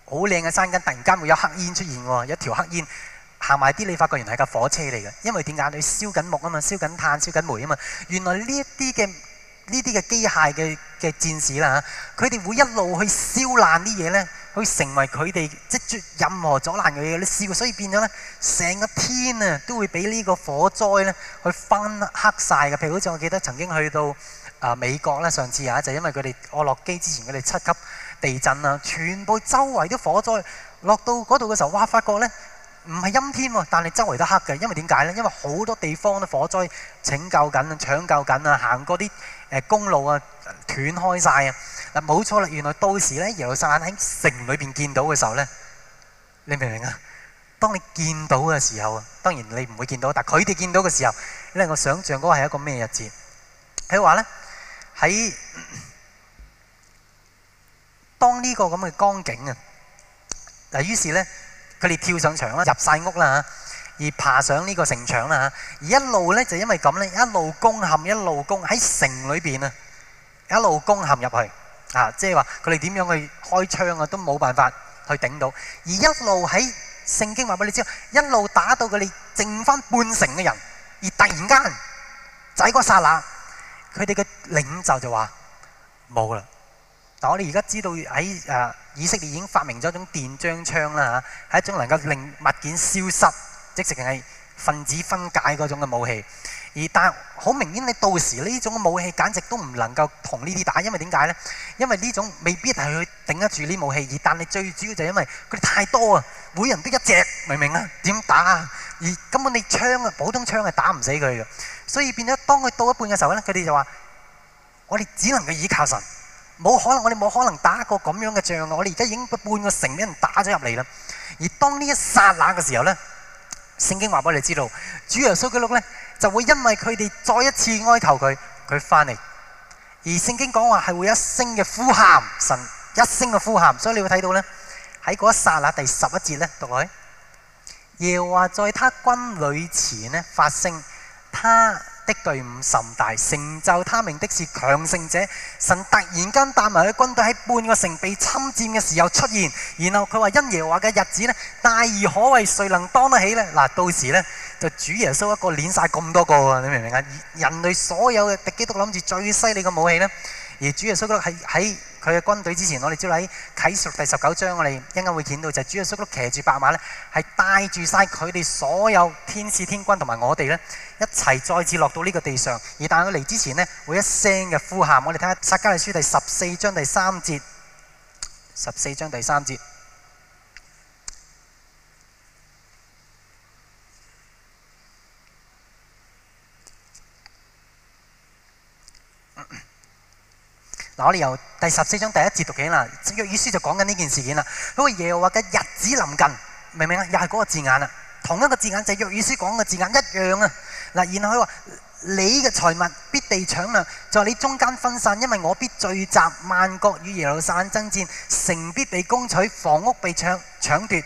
S1: 好靚嘅山間，突然間會有黑煙出現喎，有一條黑煙行埋啲，你發覺原來係架火車嚟嘅，因為點解？你燒緊木啊嘛，燒緊炭、燒緊煤啊嘛，原來呢一啲嘅呢啲嘅機械嘅嘅戰士啦嚇，佢哋會一路去燒爛啲嘢咧，去成為佢哋即係任何阻攔嘅嘢。你試過，所以變咗咧，成個天啊都會俾呢個火災咧去燻黑晒嘅。譬如好似我記得曾經去到啊美國咧，上次啊就是，因為佢哋我落機之前佢哋七級。地震啦，全部周圍都火災，落到嗰度嘅時候，哇！發覺咧唔係陰天喎，但係周圍都黑嘅，因為點解咧？因為好多地方都火災拯救緊啊，搶救緊啊，行過啲誒公路啊斷開晒啊！嗱，冇錯啦，原來到時咧，耶路撒冷喺城裏邊見到嘅時候咧，你明唔明啊？當你見到嘅時候，當然你唔會見到，但係佢哋見到嘅時候，咧你能夠想象嗰係一個咩日子？佢話咧喺。當呢個咁嘅光景啊！嗱，於是咧，佢哋跳上牆啦，入晒屋啦吓，而爬上呢個城牆啦吓，而一路咧就因為咁咧，一路攻陷，一路攻喺城裏邊啊，一路攻陷入去啊，即係話佢哋點樣去開槍啊，都冇辦法去頂到，而一路喺聖經話俾你知，一路打到佢哋剩翻半成嘅人，而突然間，喺嗰剎那，佢哋嘅領袖就話冇啦。我哋而家知道喺誒以色列已經發明咗一種電漿槍啦嚇，係一種能夠令物件消失，即係淨係分子分解嗰種嘅武器。而但係好明顯，你到時呢種武器，簡直都唔能夠同呢啲打，因為點解呢？因為呢種未必係去頂得住呢武器。而但係最主要就係因為佢哋太多啊，每人都一隻，明唔明啊？點打啊？而根本你槍啊，普通槍係打唔死佢嘅。所以變咗，當佢到一半嘅時候咧，佢哋就話：我哋只能夠倚靠神。冇可能，我哋冇可能打個咁樣嘅仗啊！我哋而家已經半個城俾人打咗入嚟啦。而當呢一剎那嘅時候咧，聖經話俾我哋知道，主耶穌基督咧就會因為佢哋再一次哀求佢，佢翻嚟。而聖經講話係會有一聲嘅呼喊，神一聲嘅呼喊。所以你會睇到咧，喺嗰一剎那第十一節咧，各位，耶和華在他軍旅前咧發聲，他。的隊伍甚大，成就他名的是強盛者。神突然間帶埋佢軍隊喺半個城被侵佔嘅時候出現，然後佢話：因耶和華嘅日子呢，大而可畏，誰能當得起呢？嗱，到時呢，就主耶穌一個攣晒咁多個，你明唔明啊？人類所有嘅敵基督諗住最犀利嘅武器呢。」而主耶穌基督喺喺佢嘅軍隊之前，我哋朝喺啟示錄第十九章，我哋應該會見到就主耶穌基督騎住白馬咧，係帶住晒佢哋所有天使、天軍同埋我哋咧，一齊再次落到呢個地上。而但係佢嚟之前咧，會一聲嘅呼喊，我哋睇下《撒迦利亞書》第十四章第三節，十四章第三節。嗱，我哋由第十四章第一節讀起啦。約珥書就講緊呢件事件啦。嗰個耶和華嘅日子臨近，明唔明啊？又係嗰個字眼啊，同一個字眼，就係、是、約珥書講嘅字眼一樣啊。嗱，然後佢話：你嘅財物必被搶掠，在你中間分散，因為我必聚集萬國與耶路撒冷爭戰，城必被攻取，房屋被搶搶奪。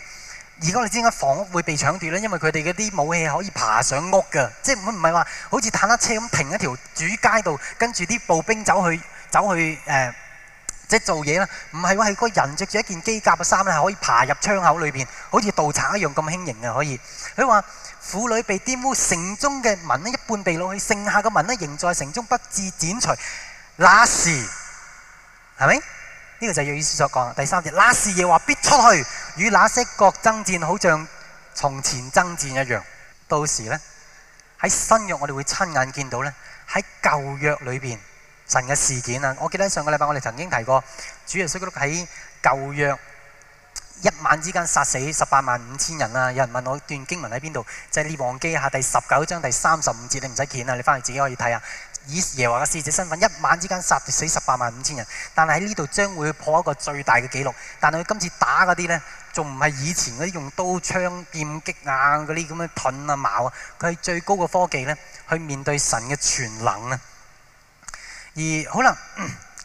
S1: 而家你知點解房屋會被搶奪咧？因為佢哋嗰啲武器可以爬上屋㗎，即係唔唔係話好似坦克車咁停喺條主街度，跟住啲步兵走去。走去誒、呃，即係做嘢啦，唔係話，係個人着住一件機甲嘅衫咧，係可以爬入窗口裏邊，好似盜賊一樣咁輕盈嘅可以。佢話婦女被玷污，城中嘅民咧一半被擄去，剩下嘅民咧仍在城中不致剪除。那時係咪？呢、這個就係嘅意思所講。第三節，那時耶和華必出去，與那些國爭戰，好像從前爭戰一樣。到時呢，喺新約，我哋會親眼見到呢，喺舊約裏邊，神嘅事件啊！我記得上個禮拜我哋曾經提過，主耶穌喺舊約一晚之間殺死十八萬五千人啊！有人問我段經文喺邊度，就係、是、列王紀下第十九章第三十五節，你唔使見啊，你翻去自己可以睇下。以耶和華嘅使者身份，一晚之間殺死十八萬五千人，但係喺呢度將會破一個最大嘅紀錄。但係佢今次打嗰啲呢，仲唔係以前嗰啲用刀槍劍戟啊嗰啲咁嘅盾啊矛啊？佢係最高嘅科技呢，去面對神嘅全能啊！而可能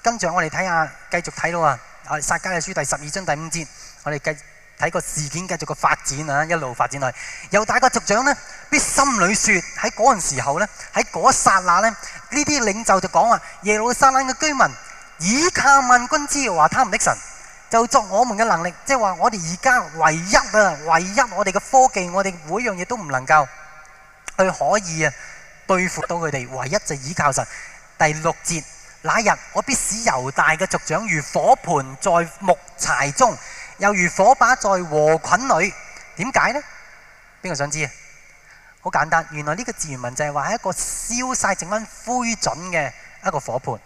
S1: 跟住我哋睇下，繼續睇到啊！阿撒迦嘅書第十二章第五節，我哋繼睇個事件繼續個發展啊，一路發展落去。猶大家族長呢，必心裏説：喺嗰陣時候呢，喺嗰一剎那呢，呢啲領袖就講話：耶路撒冷嘅居民倚靠萬軍之耶和華，他們的神就作我們嘅能力，即係話我哋而家唯一啊，唯一我哋嘅科技，我哋每樣嘢都唔能夠去可以啊對付到佢哋，唯一就倚靠神。第六節，那日我必使猶大嘅族長如火盆在木柴中，又如火把在禾捆裏。點解呢？邊個想知啊？好簡單，原來呢個字原文就係話一個燒晒剩翻灰燼嘅一個火盆，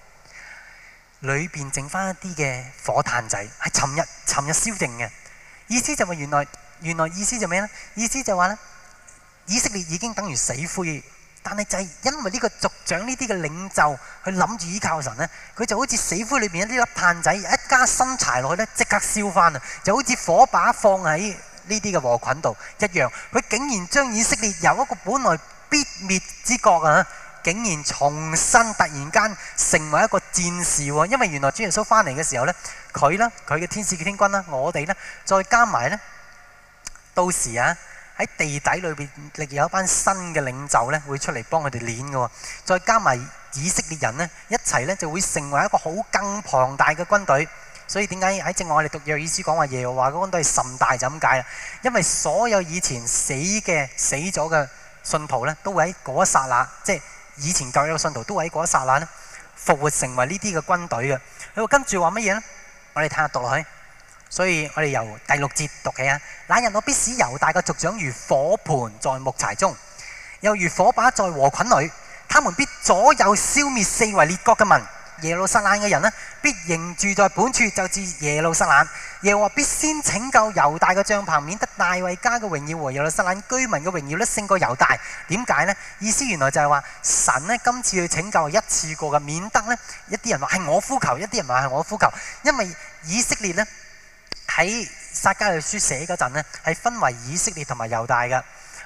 S1: 裏邊剩翻一啲嘅火炭仔，係尋日尋日燒淨嘅。意思就話原來原來意思就咩呢？意思就話呢，以色列已經等於死灰。但係就係因為呢個族長呢啲嘅領袖，佢諗住依靠神咧，佢就好似死灰裏邊一粒炭仔，一加薪柴落去呢，即刻燒翻啊！就好似火把放喺呢啲嘅禾捆度一樣，佢竟然將以色列由一個本來必滅之國啊，竟然重新突然間成為一個戰士喎！因為原來主耶穌翻嚟嘅時候咧呢，佢咧佢嘅天使嘅天軍啦，我哋呢，再加埋呢，到時啊～喺地底裏邊，另有一班新嘅領袖咧，會出嚟幫佢哋練嘅喎。再加埋以色列人呢一齊呢就會成為一個好更龐大嘅軍隊。所以點解喺正我哋讀約珥書講話耶和華嘅軍隊甚大就咁解啊？因為所有以前死嘅死咗嘅信徒呢，都會喺嗰一剎那，即係以前舊約嘅信徒都會喺嗰一剎那呢，復活成為呢啲嘅軍隊嘅。佢會跟住話乜嘢呢？我哋睇下讀落去。所以我哋由第六節讀起啊！那日我必使猶大嘅族長如火盆在木柴中，又如火把在禾捆裏。他們必左右消滅四圍列國嘅民。耶路撒冷嘅人呢，必仍住在本處，就至耶路撒冷。耶和必先拯救猶大嘅帳棚，免得大衛家嘅榮耀和耶路撒冷居民嘅榮耀呢，勝過猶大。點解呢？意思原來就係話神呢，今次去拯救一次過嘅，免得呢一啲人話係我呼求，一啲人話係我呼求，因為以色列呢。喺《撒迦利亞書》寫嗰陣咧，係分為以色列同埋猶大嘅，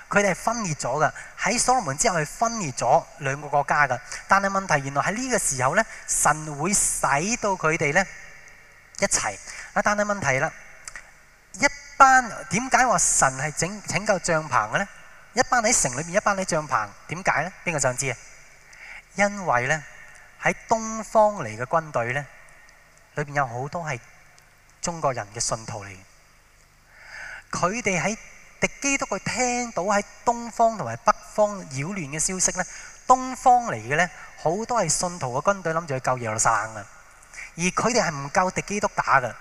S1: 佢哋係分裂咗嘅。喺所羅門之後，佢分裂咗兩個國家嘅。但係問，問題，原來喺呢個時候呢，神會使到佢哋呢一齊。啊，但係問題啦，一班點解話神係整拯救帳棚嘅呢？一班喺城裏面，一班喺帳棚，點解呢？邊個想知啊？因為呢，喺東方嚟嘅軍隊呢，裏邊有好多係。中國人嘅信徒嚟，佢哋喺敵基督，佢聽到喺東方同埋北方擾亂嘅消息呢，東方嚟嘅呢，好多係信徒嘅軍隊諗住去救耶路撒冷㗎，而佢哋係唔夠敵基督打㗎。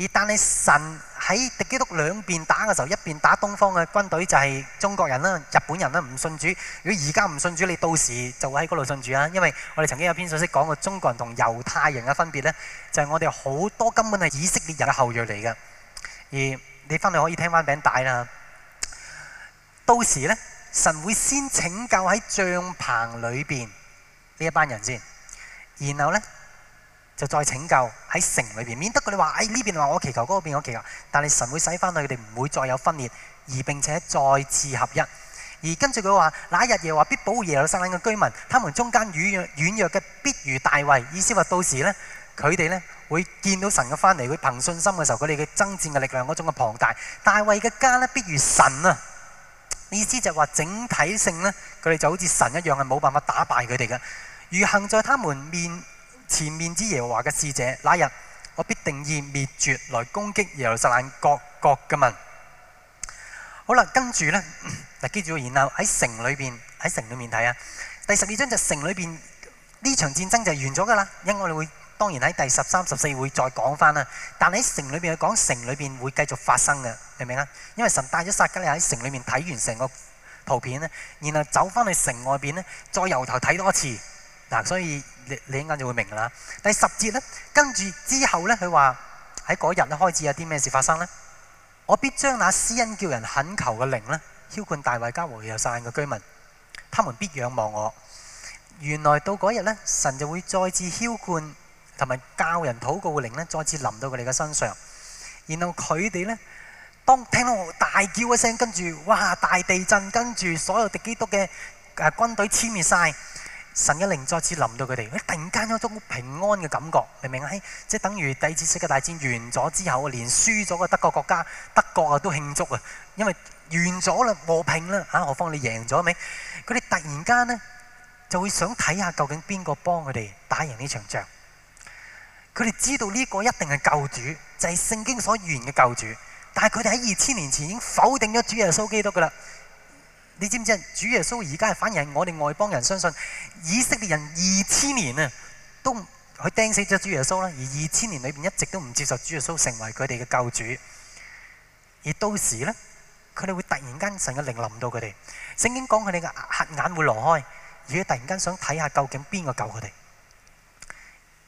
S1: 而但係神喺敵基督兩邊打嘅時候，一邊打東方嘅軍隊就係中國人啦、日本人啦，唔信主。如果而家唔信主，你到時就會喺嗰度信主啦。因為我哋曾經有篇信息講過中國人同猶太人嘅分別呢，就係我哋好多根本係以色列人嘅後裔嚟嘅。而你翻去可以聽翻餅帶啦。到時呢，神會先拯救喺帳篷裏邊呢一班人先，然後呢。就再拯救喺城裏邊，免得佢哋話，哎呢邊話我祈求，嗰個邊我祈求。但係神會使翻佢哋，唔會再有分裂，而並且再次合一。而跟住佢話，那一日耶和華必保護耶路撒冷嘅居民，他們中間軟弱軟弱嘅必如大衛，意思話到時咧，佢哋咧會見到神嘅翻嚟，會憑信心嘅時候，佢哋嘅爭戰嘅力量嗰種嘅龐大，大衛嘅家咧必如神啊！意思就話整體性咧，佢哋就好似神一樣，係冇辦法打敗佢哋嘅。如行在他們面前面之耶和華嘅使者，那日我必定以滅絕來攻擊耶路撒冷各國嘅民。好啦，跟住呢，嗱、嗯、記住，然後喺城裏邊，喺城裏面睇啊。第十二章就城裏邊呢場戰爭就完咗噶啦，因為我哋會當然喺第十三、十四會再講翻啦。但喺城裏邊去講，城裏邊會繼續發生嘅，明唔明啊？因為神帶咗撒迦利亞喺城裏面睇完成個圖片呢，然後走翻去城外邊呢，再由頭睇多一次。嗱、啊，所以你你依家就會明啦。第十節咧，跟住之後咧，佢話喺嗰日咧開始有啲咩事發生呢？我必將那施恩叫人懇求嘅靈呢，澆灌大衛家和又散嘅居民，他們必仰望我。原來到嗰日呢，神就會再次澆灌同埋教人禱告嘅靈呢，再次臨到佢哋嘅身上。然後佢哋呢，當聽到我大叫一聲，跟住哇大地震，跟住所有敵基督嘅誒軍隊殲滅曬。神一令再次臨到佢哋，突然間有種平安嘅感覺，明唔明啊？即係等於第二次世界大戰完咗之後，連輸咗嘅德國國家，德國啊都慶祝啊，因為完咗啦，和平啦，啊，何況你贏咗，未？佢哋突然間呢，就會想睇下究竟邊個幫佢哋打贏呢場仗。佢哋知道呢個一定係救主，就係聖經所言嘅救主，但係佢哋喺二千年前已經否定咗主耶穌基督噶啦。你知唔知？主耶穌現在反而家係反映我哋外邦人相信以色列人二千年啊，都去釘死咗主耶穌啦，而二千年裏邊一直都唔接受主耶穌成為佢哋嘅救主。而到時咧，佢哋會突然間神嘅靈臨到佢哋，聖經講佢哋嘅黑眼會挪開，而佢突然間想睇下究竟邊個救佢哋。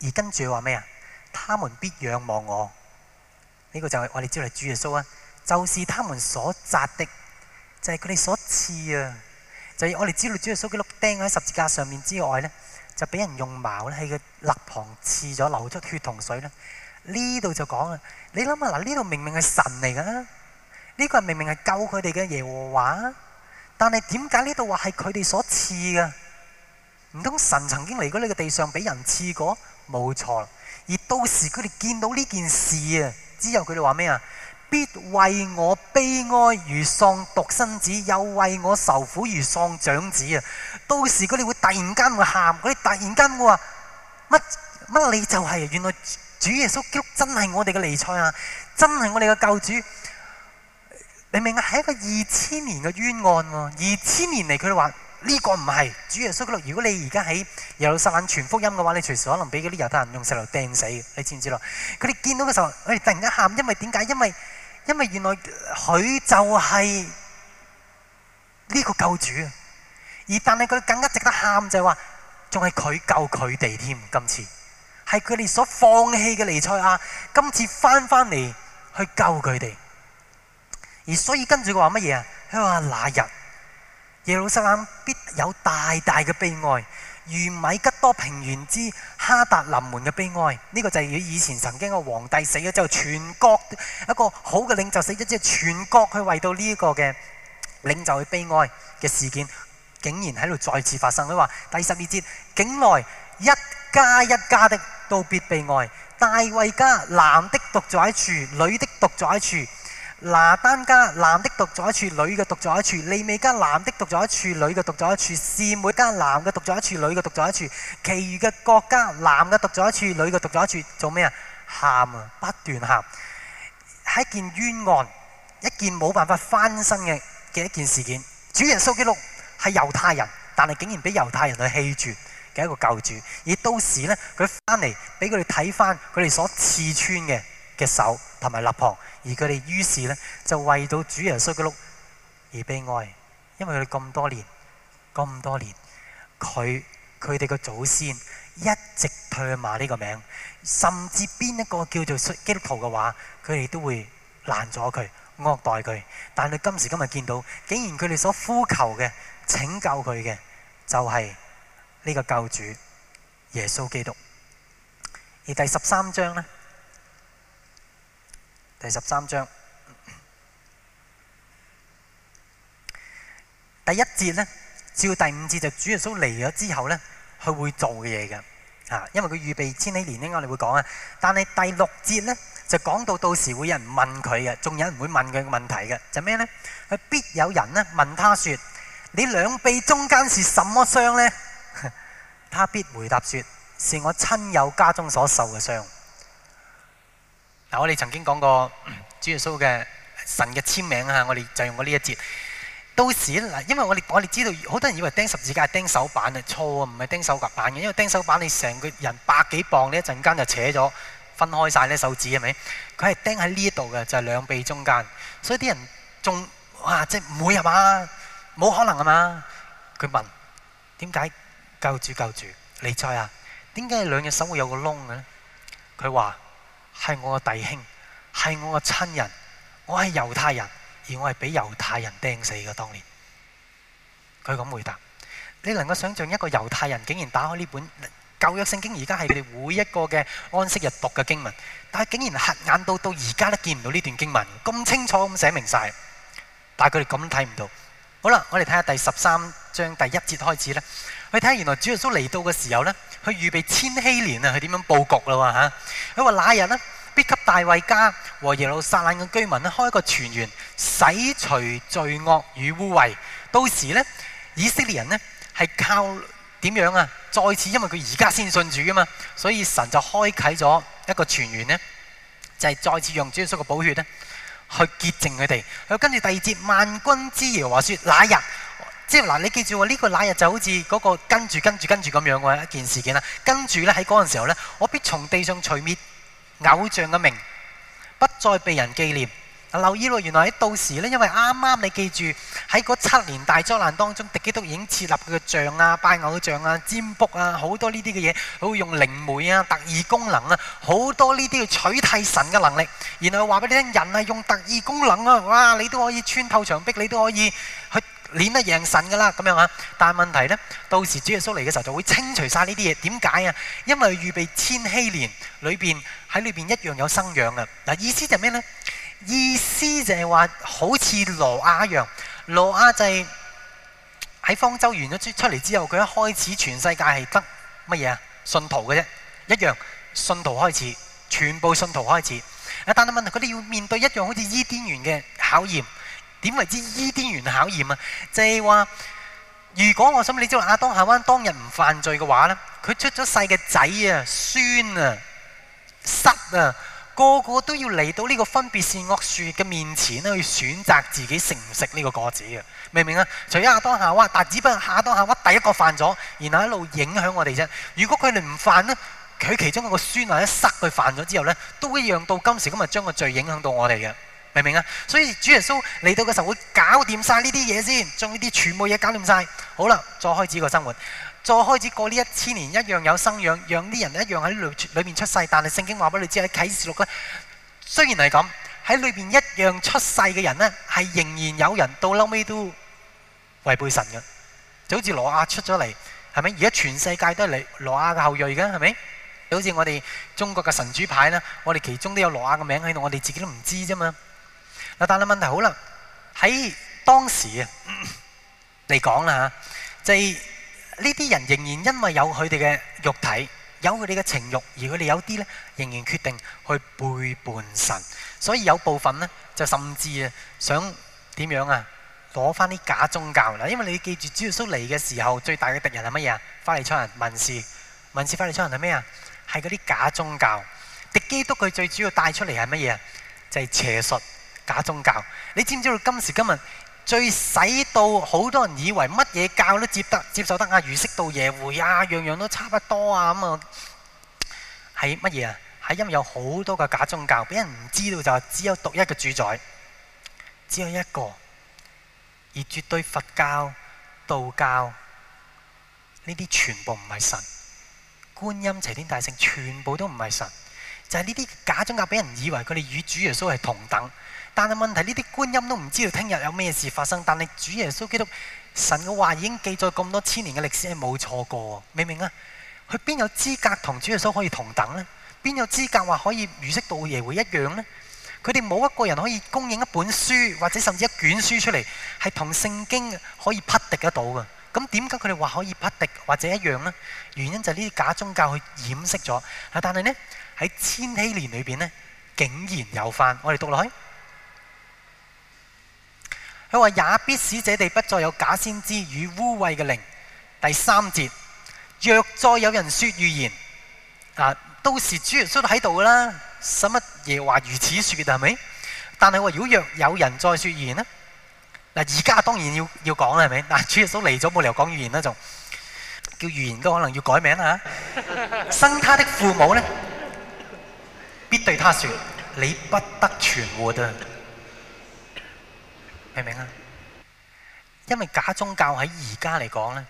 S1: 而跟住話咩啊？他們必仰望我。呢、這個就係、是、我哋知道係主耶穌啊，就是他們所扎的。就係佢哋所刺啊！就係我哋知道，主要係手幾碌釘喺十字架上面之外咧，就俾人用矛咧喺佢肋旁刺咗，流出血同水咧。呢度就講啊！你諗下，嗱呢度明明係神嚟噶，呢個明明係救佢哋嘅耶和華，但係點解呢度話係佢哋所刺㗎？唔通神曾經嚟過呢個地上俾人刺過？冇錯，而到時佢哋見到呢件事啊，之後佢哋話咩啊？必為我悲哀如喪獨生子，又為我受苦如喪長子啊！到時佢哋會突然間會喊，佢哋突然間會話乜乜你就係、是，原來主耶穌基督真係我哋嘅彌賽亞，真係我哋嘅救主。你明啊？係一個二千年嘅冤案喎，二千年嚟佢哋話呢個唔係主耶穌基督。如果你而家喺耶路撒冷傳福音嘅話，你隨時可能俾嗰啲猶太人用石頭掟死。你知唔知咯？佢哋見到嘅時候，佢哋突然間喊，因為點解？因為,因為因為原來佢就是呢個救主，而但是佢更加值得喊就是話，仲係佢救佢哋添。今次是佢哋所放棄嘅彌賽亞，今次翻翻嚟去救佢哋，而所以跟住佢話乜嘢啊？佢話那日耶路撒冷必有大大嘅悲哀。如米吉多平原之哈達臨門嘅悲哀，呢、這個就係以前曾經嘅皇帝死咗之後，全國一個好嘅領袖死咗之後，全國去為到呢個嘅領袖嘅悲哀嘅事件，竟然喺度再次發生。佢話第十二節境內一家一家的都別悲哀，大衛家男的獨在一處，女的獨在一處。拿單家男的讀咗一處，女嘅讀咗一處；利未家男的讀咗一處，女嘅讀咗一處；示每家男嘅讀咗一處，女嘅讀咗一處。其餘嘅國家男嘅讀咗一處，女嘅讀咗一處。做咩啊？喊啊！不斷喊。係一件冤案，一件冇辦法翻身嘅嘅一件事件。主耶穌基督係猶太人，但係竟然俾猶太人去棄絕嘅一個救主。而到時呢，佢翻嚟俾佢哋睇翻佢哋所刺穿嘅嘅手同埋肋旁。而佢哋於是呢，就為到主耶穌基督而悲哀，因為佢哋咁多年、咁多年，佢佢哋嘅祖先一直唾罵呢個名，甚至邊一個叫做基督徒嘅話，佢哋都會攔阻佢、惡待佢。但係今時今日見到，竟然佢哋所呼求嘅、拯救佢嘅，就係、是、呢個救主耶穌基督。而第十三章呢。第十三章第一節呢，照第五節就主耶穌嚟咗之後呢，佢會做嘅嘢嘅吓，因為佢預備千禧年應該，我哋會講啊。但係第六節呢，就講到到時會有人問佢嘅，仲有人會問佢嘅問題嘅，就咩呢？佢必有人呢問他說：你兩臂中間是什麼傷呢？他必回答說：是我親友家中所受嘅傷。嗱，我哋曾經講過主耶穌嘅神嘅簽名啊，我哋就用過呢一節。到時嗱，因為我哋我哋知道，好多人以為釘十字架係釘手板啊，錯啊，唔係釘手夾板嘅。因為釘手板你成個人百幾磅，你一陣間就扯咗，分開晒呢手指係咪？佢係釘喺呢度嘅，就係兩臂中間。所以啲人仲哇，即係唔會啊嘛，冇可能啊嘛。佢問點解？救主救主，你猜啊？點解兩隻手會有個窿嘅？佢話。係我個弟兄，係我個親人，我係猶太人，而我係俾猶太人掟死嘅。當年，佢咁回答。你能夠想象一個猶太人竟然打開呢本舊約聖經，而家係佢哋每一個嘅安息日讀嘅經文，但係竟然黑眼到到而家都見唔到呢段經文，咁清楚咁寫明晒，但係佢哋咁睇唔到。好啦，我哋睇下第十三章第一節開始咧。去睇，原來主耶穌嚟到嘅時候咧。去預備千禧年啊！佢點樣佈局啦？嚇！佢話那日呢，必給大衛家和耶路撒冷嘅居民咧開一個泉源，洗除罪惡與污穢。到時呢，以色列人呢係靠點樣啊？再次，因為佢而家先信主啊嘛，所以神就開啟咗一個泉源呢，就係再次用主耶穌嘅寶血呢去潔淨佢哋。佢跟住第二節，萬軍之耶和華說：那日。即係嗱，你記住喎，呢、這個那日就好似嗰、那個跟住跟住跟住咁樣嘅一件事件啦。跟住咧喺嗰陣時候呢，我必從地上除滅偶像嘅名，不再被人紀念。留意咯，原來喺到時呢，因為啱啱你記住喺嗰七年大災難當中，敵基督已經設立佢嘅像啊、拜偶像啊、占卜啊，好多呢啲嘅嘢，佢用靈媒啊、特異功能啊，好多呢啲要取替神嘅能力。然後話俾你聽，人係用特異功能啊，哇！你都可以穿透牆壁，你都可以去。練得贏神噶啦，咁樣啊！但係問題呢，到時主耶穌嚟嘅時候就會清除晒呢啲嘢。點解啊？因為預備千禧年裏邊喺裏邊一樣有生養嘅嗱、啊。意思就係咩呢？意思就係話好似挪亞一樣，挪亞就係喺方舟完咗出出嚟之後，佢一開始全世界係得乜嘢啊？信徒嘅啫，一樣信徒開始，全部信徒開始。但係問題，佢哋要面對一樣好似伊甸園嘅考驗。點為之伊甸園考驗啊？就係話，如果我想你知道亞當夏娃當日唔犯罪嘅話呢，佢出咗世嘅仔啊、孫啊、塞啊，個個都要嚟到呢個分別善惡樹嘅面前咧，去選擇自己食唔食呢個果子嘅，明唔明啊？除咗亞當夏娃，但只不過亞當夏娃第一個犯咗，然後一路影響我哋啫。如果佢哋唔犯呢，佢其中一個孫啊、一塞佢犯咗之後呢，都會讓到今時今日將個罪影響到我哋嘅。明唔明啊？所以主耶穌嚟到嘅時候會搞掂晒呢啲嘢先，將呢啲全部嘢搞掂晒，好啦，再開始個生活，再開始過呢一千年，一樣有生養，讓啲人一樣喺裏裏邊出世。但係聖經話俾你知喺啟示錄咧，雖然係咁喺裏邊一樣出世嘅人呢，係仍然有人到嬲尾都違背神嘅，就好似羅亞出咗嚟，係咪？而家全世界都係羅亞嘅後裔嘅，係咪？就好似我哋中國嘅神主牌呢，我哋其中都有羅亞嘅名喺度，我哋自己都唔知咋嘛。嗱，但係問題好啦，喺當時嚟講啦吓，就係呢啲人仍然因為有佢哋嘅肉體，有佢哋嘅情慾，而佢哋有啲咧仍然決定去背叛神，所以有部分咧就甚至啊想點樣啊攞翻啲假宗教嗱，因為你記住主耶穌嚟嘅時候最大嘅敵人係乜嘢啊？法利賽人文士，文士法利賽人係咩啊？係嗰啲假宗教，敵基督佢最主要帶出嚟係乜嘢啊？就係邪術。假宗教，你知唔知道？今時今日最使到好多人以為乜嘢教都接得接受得啊？儒釋道耶會啊，樣樣都差不多啊！咁啊，係乜嘢啊？係因為有好多個假宗教，俾人唔知道就只有獨一嘅主宰，只有一個，而絕對佛教、道教呢啲全部唔係神，觀音、齊天大聖全部都唔係神，就係呢啲假宗教俾人以為佢哋與主耶穌係同等。但係問題，呢啲觀音都唔知道聽日有咩事發生。但係主耶穌基督神嘅話已經記載咁多千年嘅歷史，係冇錯過，明唔明啊？佢邊有資格同主耶穌可以同等呢？邊有資格話可以預識到耶會一樣呢？佢哋冇一個人可以供應一本書或者甚至一卷書出嚟，係同聖經可以匹敵得到嘅。咁點解佢哋話可以匹敵或者一樣呢？原因就係呢啲假宗教去掩飾咗。但係呢，喺千禧年裏邊呢，竟然有犯。我哋讀落去。佢話也必使這地不再有假先知與污穢嘅靈。第三節，若再有人説預言，啊，到時主耶穌都喺度啦，使乜嘢話如此説係咪？但係我話如果若有人再説預言呢？嗱、啊，而家當然要要講啦係咪？嗱，主耶穌嚟咗冇理由講預言啦仲。叫預言都可能要改名嚇。啊、 生他的父母呢，必對他説：你不得存活的。明唔明啊？因為假宗教喺而家嚟講呢，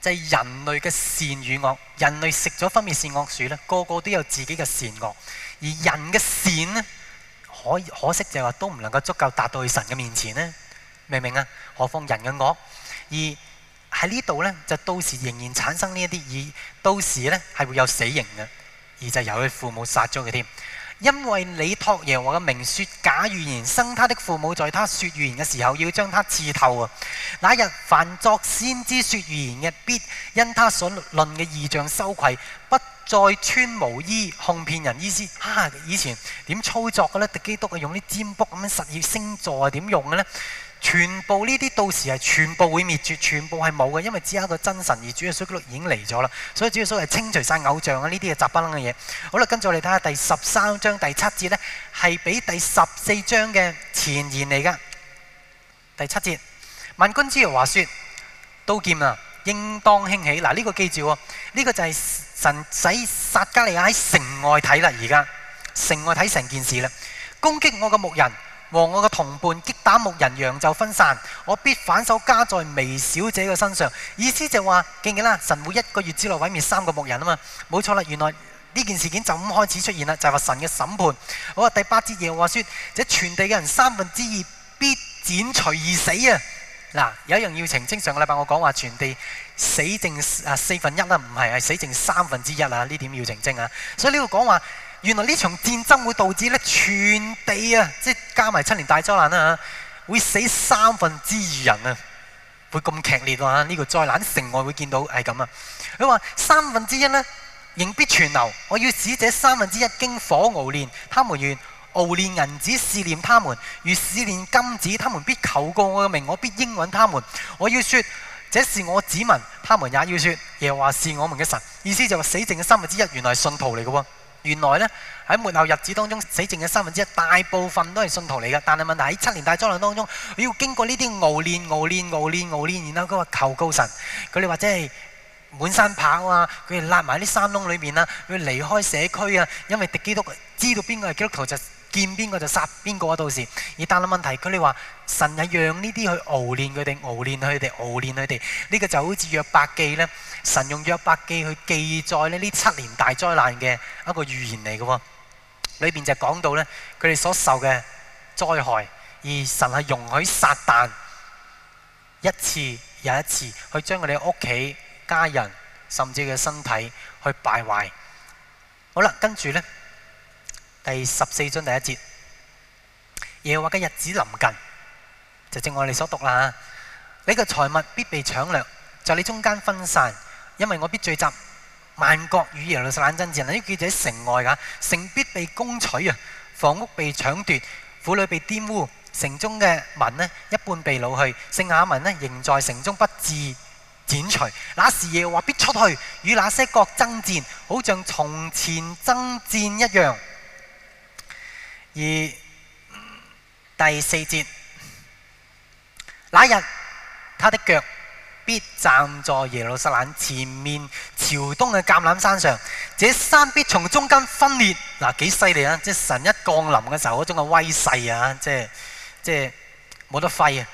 S1: 就係人類嘅善與惡，人類食咗分別善惡樹呢個個都有自己嘅善惡，而人嘅善呢，可可惜就係話都唔能夠足夠達到去神嘅面前呢，明唔明啊？何況人嘅惡，而喺呢度呢，就到時仍然產生呢一啲，而到時呢係會有死刑嘅，而就由佢父母殺咗佢添。因為你託耶和華嘅名説假預言，生他的父母在他説預言嘅時候要將他刺透啊！那日凡作先知説預言嘅，必因他所論嘅異象羞愧，不再穿毛衣控騙人。意思嚇、啊，以前點操作嘅呢？敵基督係用啲占卜咁樣實驗星座係點用嘅呢？全部呢啲到時係全部會滅絕，全部係冇嘅，因為只有一個真神而主嘅衰舉已經嚟咗啦。所以主要所係清除晒偶像啊，呢啲嘅雜不楞嘅嘢。好啦，跟住我哋睇下第十三章第七節呢，係俾第十四章嘅前言嚟噶。第七節，萬軍之王話說，刀劍啊，應當興起。嗱，呢個記住喎，呢、這個就係神使撒迦利亞喺城外睇啦，而家城外睇成件事啦，攻擊我嘅牧人。和我嘅同伴擊打牧人，羊就分散。我必反手加在微小姐嘅身上。意思就話、是，記唔記啦？神會一個月之內毀滅三個牧人啊嘛，冇錯啦。原來呢件事件就咁開始出現啦，就係、是、話神嘅審判。好啊，第八節嘢我話説，這全地嘅人三分之二必剪除而死啊！嗱，有一樣要澄清，上個禮拜我講話全地死剩啊四分一啦，唔係係死剩三分之一啦，呢點要澄清啊。所以呢度講話。原來呢場戰爭會導致咧全地啊，即係加埋七年大災難呀，會死三分之二人啊，會咁劇烈啊呢、這個災難，城外會見到係咁啊。佢話三分之一呢，仍必存留，我要使這三分之一經火熬煉，他們願熬煉銀子試煉他們，如試煉金子，他們必求告我嘅名，我必應允他們。我要說這是我子民，他們也要說耶華是我們嘅神。意思就話、是、死剩嘅三分之一原來係信徒嚟嘅喎。原來咧喺末後日子當中死剩嘅三分之一大部分都係信徒嚟嘅，但係問題喺七年大災難當中，要經過呢啲熬煉、熬煉、熬煉、熬煉，然後佢話求告神，佢哋或者係滿山跑啊，佢哋拉埋啲山窿裏面啦，佢離開社區啊，因為敵基督，知道邊個係基督徒就。見邊個就殺邊個啊！到時而但係問題佢哋話神係讓呢啲去熬煉佢哋，熬煉佢哋，熬煉佢哋。呢個就好似約伯記呢，神用約伯記去記載咧呢七年大災難嘅一個預言嚟嘅，裏邊就講到呢，佢哋所受嘅災害，而神係容許撒旦一次又一次去將佢哋屋企、家人，甚至佢身體去敗壞。好啦，跟住呢。第十四章第一節，耶和華嘅日子臨近，就正如我哋所讀啦。你嘅財物必被搶掠，在你中間分散，因為我必聚集萬國與耶路撒冷爭戰。啲記者喺城外噶，城必被攻取啊！房屋被搶奪，婦女被玷污，城中嘅民呢一半被擄去，剩下民呢仍在城中不至剪除。那時耶和華必出去與那些國爭戰，好像從前爭戰一樣。而第四節，那日他的腳必站在耶路撒冷前面朝東嘅橄欖山上，這山必從中間分裂。嗱、啊，幾犀利啊！即係神一降臨嘅時候嗰種嘅威勢啊！即係即係冇得揮啊！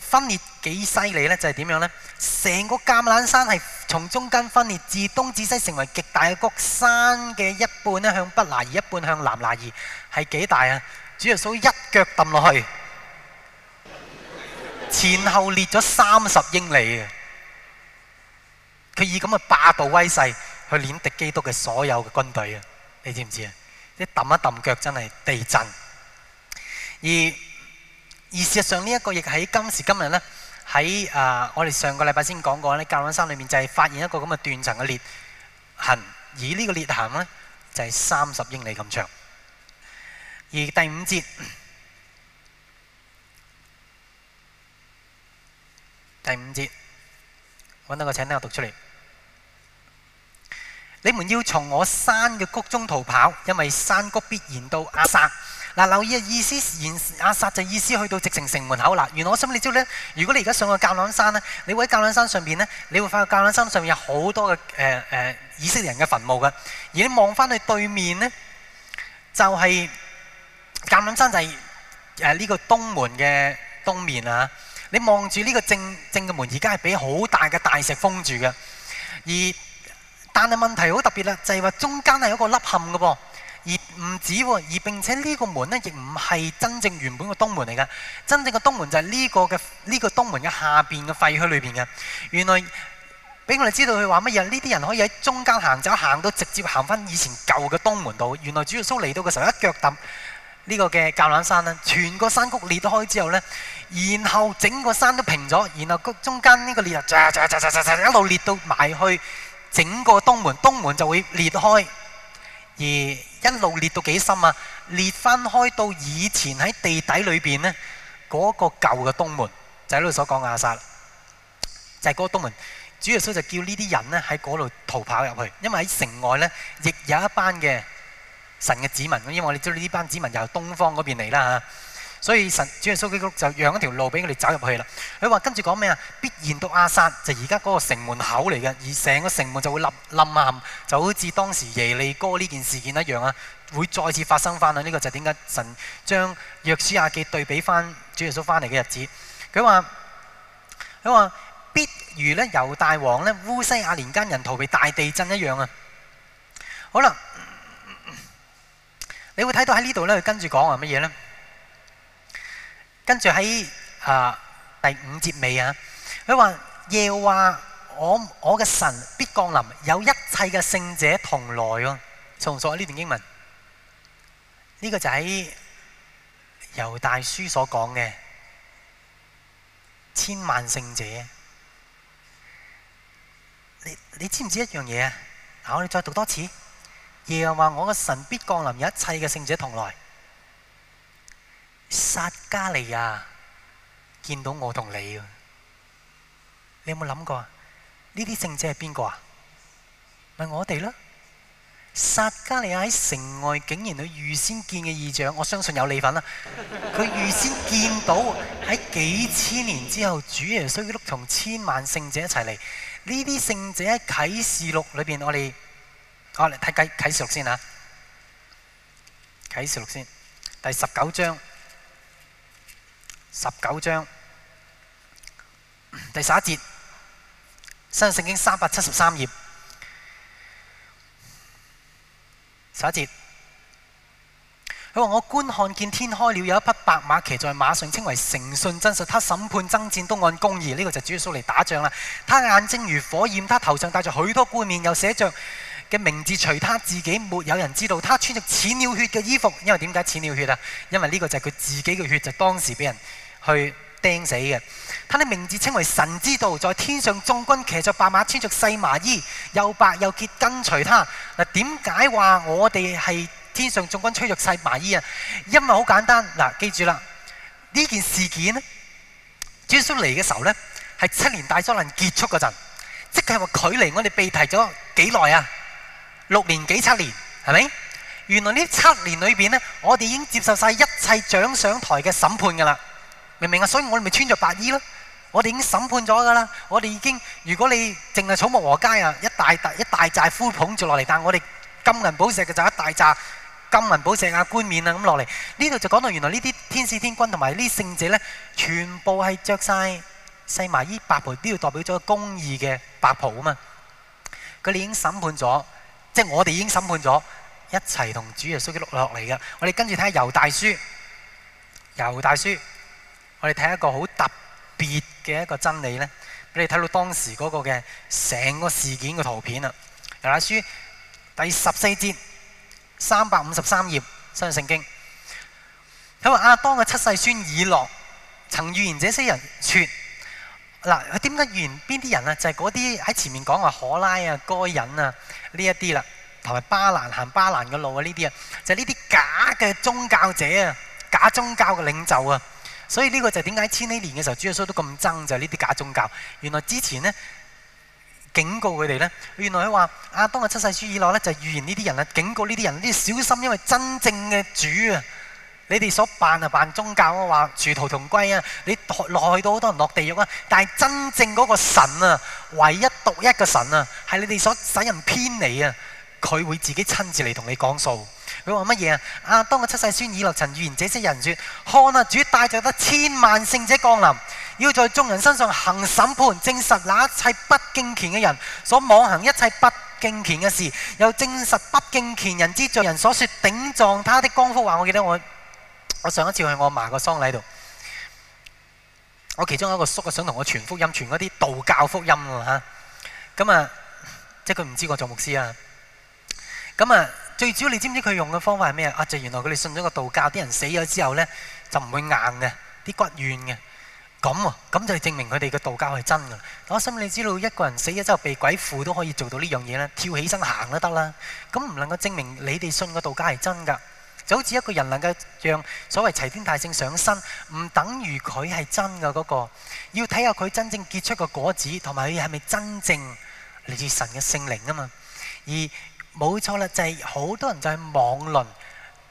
S1: 分裂。幾犀利咧？就係點樣咧？成個橄欖山係從中間分裂，自東至西成為極大嘅谷，山嘅一半咧，向北挪移，一半向南挪移，係幾大啊？主要數一腳揼落去，前後裂咗三十英里啊。佢以咁嘅霸道威勢去碾敵基督嘅所有嘅軍隊啊！你知唔知啊？一揼一揼腳真係地震。而而事實上呢一個亦喺今時今日咧。喺啊！我哋上個禮拜先講過咧，橄欖山裏面就係發現一個咁嘅斷層嘅裂痕，而呢個裂痕咧就係三十英里咁長。而第五節，第五節，揾到個請聽我讀出嚟。你們要從我山嘅谷中逃跑，因為山谷必然到亞薩。嗱，留意啊！意思，亞薩就意思去到直城城門口啦。原來我想你知咧，如果你而家上個橄欖山咧，你會喺橄欖山上邊咧，你會發覺橄欖山上邊有好多嘅誒誒以色列人嘅墳墓嘅。而你望翻去對面咧，就係橄欖山就係誒呢個東門嘅東面啊！你望住呢個正正嘅門，而家係俾好大嘅大石封住嘅。而但係問題好特別啦，就係話中間係有一個凹陷嘅噃。而唔止喎，而並且呢個門呢，亦唔係真正原本嘅東門嚟嘅。真正嘅東門就係呢個嘅呢、呢個東門嘅下邊嘅廢墟裏邊嘅。原來俾我哋知道佢話乜嘢？呢啲人可以喺中間行走，走，行到直接行翻以前舊嘅東門度。原來主耶穌嚟到嘅時候，一腳踏呢個嘅橄欖山呢，全個山谷裂開之後呢，然後整個山都平咗，然後中間呢個裂啊，一一路裂到埋去，整個東門東門就會裂開。而一路裂到幾深啊？裂翻開到以前喺地底裏邊呢，嗰個舊嘅東門，就喺度所講亞薩，就係、是、嗰個東門。主耶穌就叫呢啲人呢喺嗰度逃跑入去，因為喺城外呢亦有一班嘅神嘅子民，因為我哋知道呢班子民由東方嗰邊嚟啦嚇。所以神主耶穌基督就讓一條路俾佢哋走入去啦。佢話跟住講咩啊？必然到阿薩，就而家嗰個城門口嚟嘅，而成個城門就會冧冧下，就好似當時耶利哥呢件事件一樣啊，會再次發生翻啊！呢、這個就係點解神將約書亞記對比翻主耶穌翻嚟嘅日子？佢話佢話，必如咧猶大王咧烏西亞年間人逃避大地震一樣啊！好啦，你會睇到喺呢度咧，跟住講話乜嘢咧？跟住喺啊第五節尾啊，佢話耶和華我我嘅神必降臨，有一切嘅聖者同來喎。重讀下呢段經文，呢個就係猶大書所講嘅千萬聖者。你你知唔知一樣嘢啊？好，你再讀多次。耶和華我嘅神必降臨，有一切嘅聖者同來。撒迦利亞見到我同你，你有冇諗過？呢啲聖者係邊個啊？咪我哋咯！撒迦利亞喺城外竟然佢預先見嘅異象，我相信有你份啦。佢 預先見到喺幾千年之後，主耶穌同千萬聖者一齊嚟。呢啲聖者喺啟示錄裏邊，我哋我嚟睇啟啟示錄先吓、啊，啟示錄先第十九章。十九章，第十一節，新聖經三百七十三頁，十一節。佢話：我觀看見天開了，有一匹白馬騎在馬上，稱為誠信真實。他審判爭戰都按公義。呢、這個就是主耶穌嚟打仗啦。他眼睛如火焰，他頭上戴着許多冠冕，又寫着，嘅名字除他自己，沒有人知道。他穿着濺血嘅衣服，因為點解濺血啊？因為呢個就係佢自己嘅血，就是，當時俾人去釘死嘅。他的名字稱為神之道，在天上眾軍騎着白馬，穿着細麻衣，又白又潔，跟隨他。嗱，點解話我哋係天上眾軍吹着細麻衣啊？因為好簡單，嗱，記住啦，呢件事件，耶穌嚟嘅時候呢係七年大災難結束嗰陣，即係話距離我哋被提咗幾耐啊？六年幾七年，係咪？原來呢七年裏邊呢，我哋已經接受晒一切掌上台嘅審判噶啦，明唔明啊？所以我哋咪穿著白衣咯。我哋已經審判咗噶啦。我哋已經，如果你淨係草木禾秸啊，一大大一大紮灰捧住落嚟，但係我哋金銀寶石嘅就一大紮金銀寶石啊、冠冕啊咁落嚟。呢度就講到原來呢啲天使天軍同埋呢啲聖者呢，全部係着晒細麻衣白袍，都要代表咗公義嘅白袍啊嘛。佢哋已經審判咗。即係我哋已經審判咗，一齊同主耶穌記錄落嚟嘅。我哋跟住睇下猶大書，猶大書，我哋睇一個好特別嘅一個真理咧，俾你睇到當時嗰個嘅成個事件嘅圖片啊。猶大書第十四節三百五十三頁新聖經，佢話亞當嘅七世孫以諾曾預言這些人說。嗱，佢點解預言邊啲人啊？就係嗰啲喺前面講話可拉啊、該隱啊呢一啲啦，同埋巴蘭行巴蘭嘅路啊呢啲啊，就係呢啲假嘅宗教者啊、假宗教嘅領袖啊。所以呢個就點解千禧年嘅時候主耶穌都咁憎就係呢啲假宗教。原來之前呢警告佢哋呢，原來佢話亞當我七世書以來呢，就係預言呢啲人啊，警告呢啲人，呢小心因為真正嘅主啊。你哋所扮啊，扮宗教啊，話殊途同歸啊，你落去到好多人落地獄啊。但係真正嗰個神啊，唯一獨一嘅神啊，係你哋所使人偏離啊。佢會自己親自嚟同你講數。佢話乜嘢啊？啊，當我七世孫以諾曾預言者，這些人說：「看啊，主帶著得千萬聖者降臨，要在眾人身上行審判，證實那一切不敬虔嘅人所妄行一切不敬虔嘅事，又證實不敬虔人之罪人所説頂撞他的光復話。我記得我。我上一次去我阿嫲個喪禮度，我其中一個叔啊想同我傳福音，傳嗰啲道教福音啊吓。咁啊，即係佢唔知我做牧師啊。咁啊，最主要你知唔知佢用嘅方法係咩啊？就原來佢哋信咗個道教，啲人死咗之後咧就唔會硬嘅，啲骨軟嘅。咁，啊，咁就證明佢哋嘅道教係真嘅。我心你知道一個人死咗之後被鬼附都可以做到呢樣嘢啦，跳起身行都得啦。咁唔能夠證明你哋信個道教係真噶。就好似一個人能夠讓所謂齊天大聖上身，唔等於佢係真嘅嗰個。要睇下佢真正結出個果子，同埋佢係咪真正嚟自神嘅聖靈啊嘛。而冇錯啦，就係好多人就係妄論、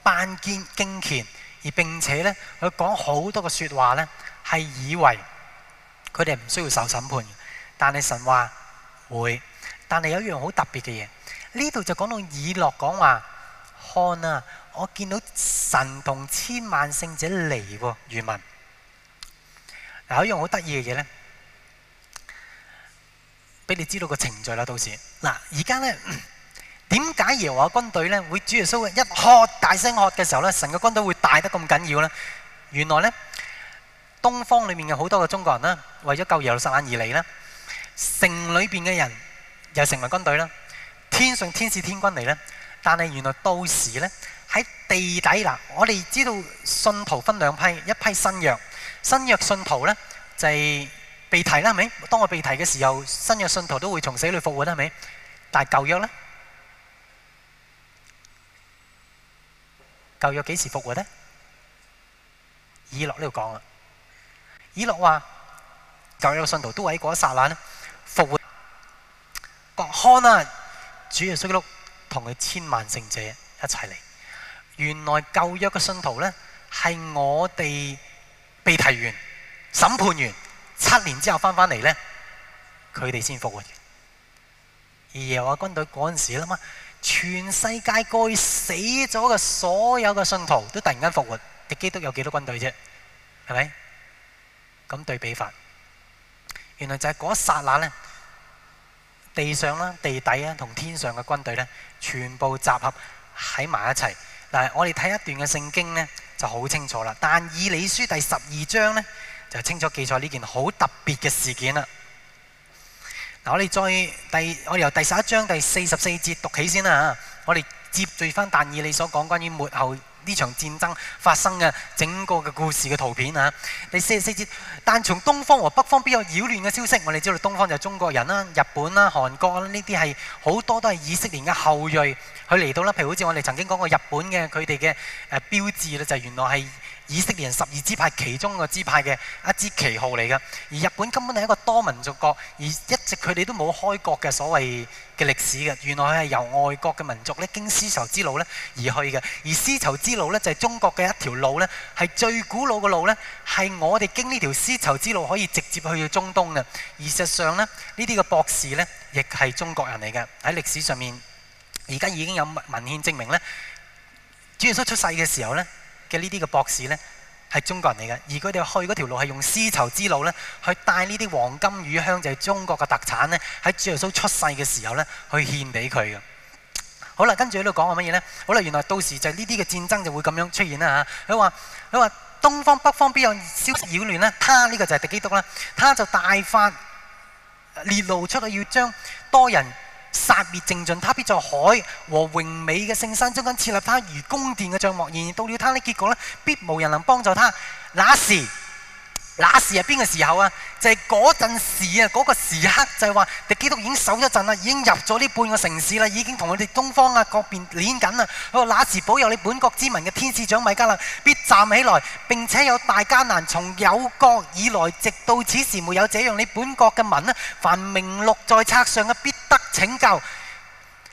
S1: 扮堅、敬虔，而並且呢，佢講好多個説話呢，係以為佢哋唔需要受審判嘅。但係神話會，但係有一樣好特別嘅嘢。呢度就講到以諾講話看啊。我見到神同千萬聖者嚟喎，漁民。嗱，有一樣好得意嘅嘢咧，俾你知道個程序啦。到時嗱，而家咧點解耶和華軍隊咧會主耶穌一喝大聲喝嘅時候咧，神嘅軍隊會大得咁緊要咧？原來咧，東方裏面嘅好多嘅中國人啦，為咗救耶路撒冷而嚟啦。城裏邊嘅人又成為軍隊啦。天上天使天軍嚟咧，但係原來到時咧。喺地底嗱，我哋知道信徒分兩批，一批新約，新約信徒咧就係、是、被提啦，係咪？當我被提嘅時候，新約信徒都會從死裏復活啦，係咪？但係舊約咧，舊約幾時復活咧？以諾呢度講啦，以諾話舊約信徒都係喺嗰一剎那咧復活，各康啊主耶穌基督同佢千萬聖者一齊嚟。原來舊約嘅信徒咧，係我哋被提完、審判完七年之後翻返嚟咧，佢哋先復活的。而耶和華軍隊嗰陣時諗啊，全世界過去死咗嘅所有嘅信徒都突然間復活，敵基督有幾多軍隊啫？係咪？咁對比法，原來就係嗰一剎那咧，地上啦、地底啊同天上嘅軍隊咧，全部集合喺埋一齊。嗱，我哋睇一段嘅聖經呢就好清楚啦。但以理書第十二章呢就清楚記載呢件好特別嘅事件啦。嗱，我哋再第我們由第十一章第四十四節讀起先啦。我哋接續翻但以理所講關於末後。呢場戰爭發生嘅整個嘅故事嘅圖片啊，第四十四節，但從東方和北方必有擾亂嘅消息，我哋知道東方就係中國人啦、日本啦、韓國啦，呢啲係好多都係以色列嘅後裔，佢嚟到啦，譬如好似我哋曾經講過日本嘅佢哋嘅誒標誌啦，就係、原來係。以色列人十二支派其中一支派嘅一支旗號嚟噶，而日本根本係一個多民族國，而一直佢哋都冇開國嘅所謂嘅歷史嘅。原來佢係由外國嘅民族咧，經絲綢之路咧而去嘅。而絲綢之路咧就係中國嘅一條路咧，係最古老嘅路咧，係我哋經呢條絲綢之路可以直接去到中東嘅。而事實際上呢，呢啲嘅博士咧，亦係中國人嚟嘅。喺歷史上面，而家已經有文文獻證明咧，朱元璋出世嘅時候咧。嘅呢啲嘅博士咧係中國人嚟嘅，而佢哋去嗰條路係用絲綢之路咧去帶呢啲黃金與香，就係、是、中國嘅特產咧，喺主耶穌出世嘅時候咧去獻俾佢嘅。好啦，跟住喺度講話乜嘢咧？好啦，原來到時就係呢啲嘅戰爭就會咁樣出現啦嚇。佢話佢話東方北方必有消息擾亂咧？他呢、這個就係敵基督啦，他就大發烈怒出去，要將多人。殺滅靜盡，他必在海和榮美嘅聖山中間設立他如宮殿嘅帳幕。然而到了他，呢結果呢必無人能幫助他。那時那時係邊個時候啊？就係嗰陣時啊，嗰、那個時刻就係話，敵基督已經守咗陣啦，已經入咗呢半個城市啦，已經同佢哋東方啊各邊連緊啦。佢話那時保佑你本國之民嘅天使長米迦勒必站起來，並且有大艱難，從有國以來直到此時沒有這樣。你本國嘅民呢？凡名錄在冊上嘅必得拯救。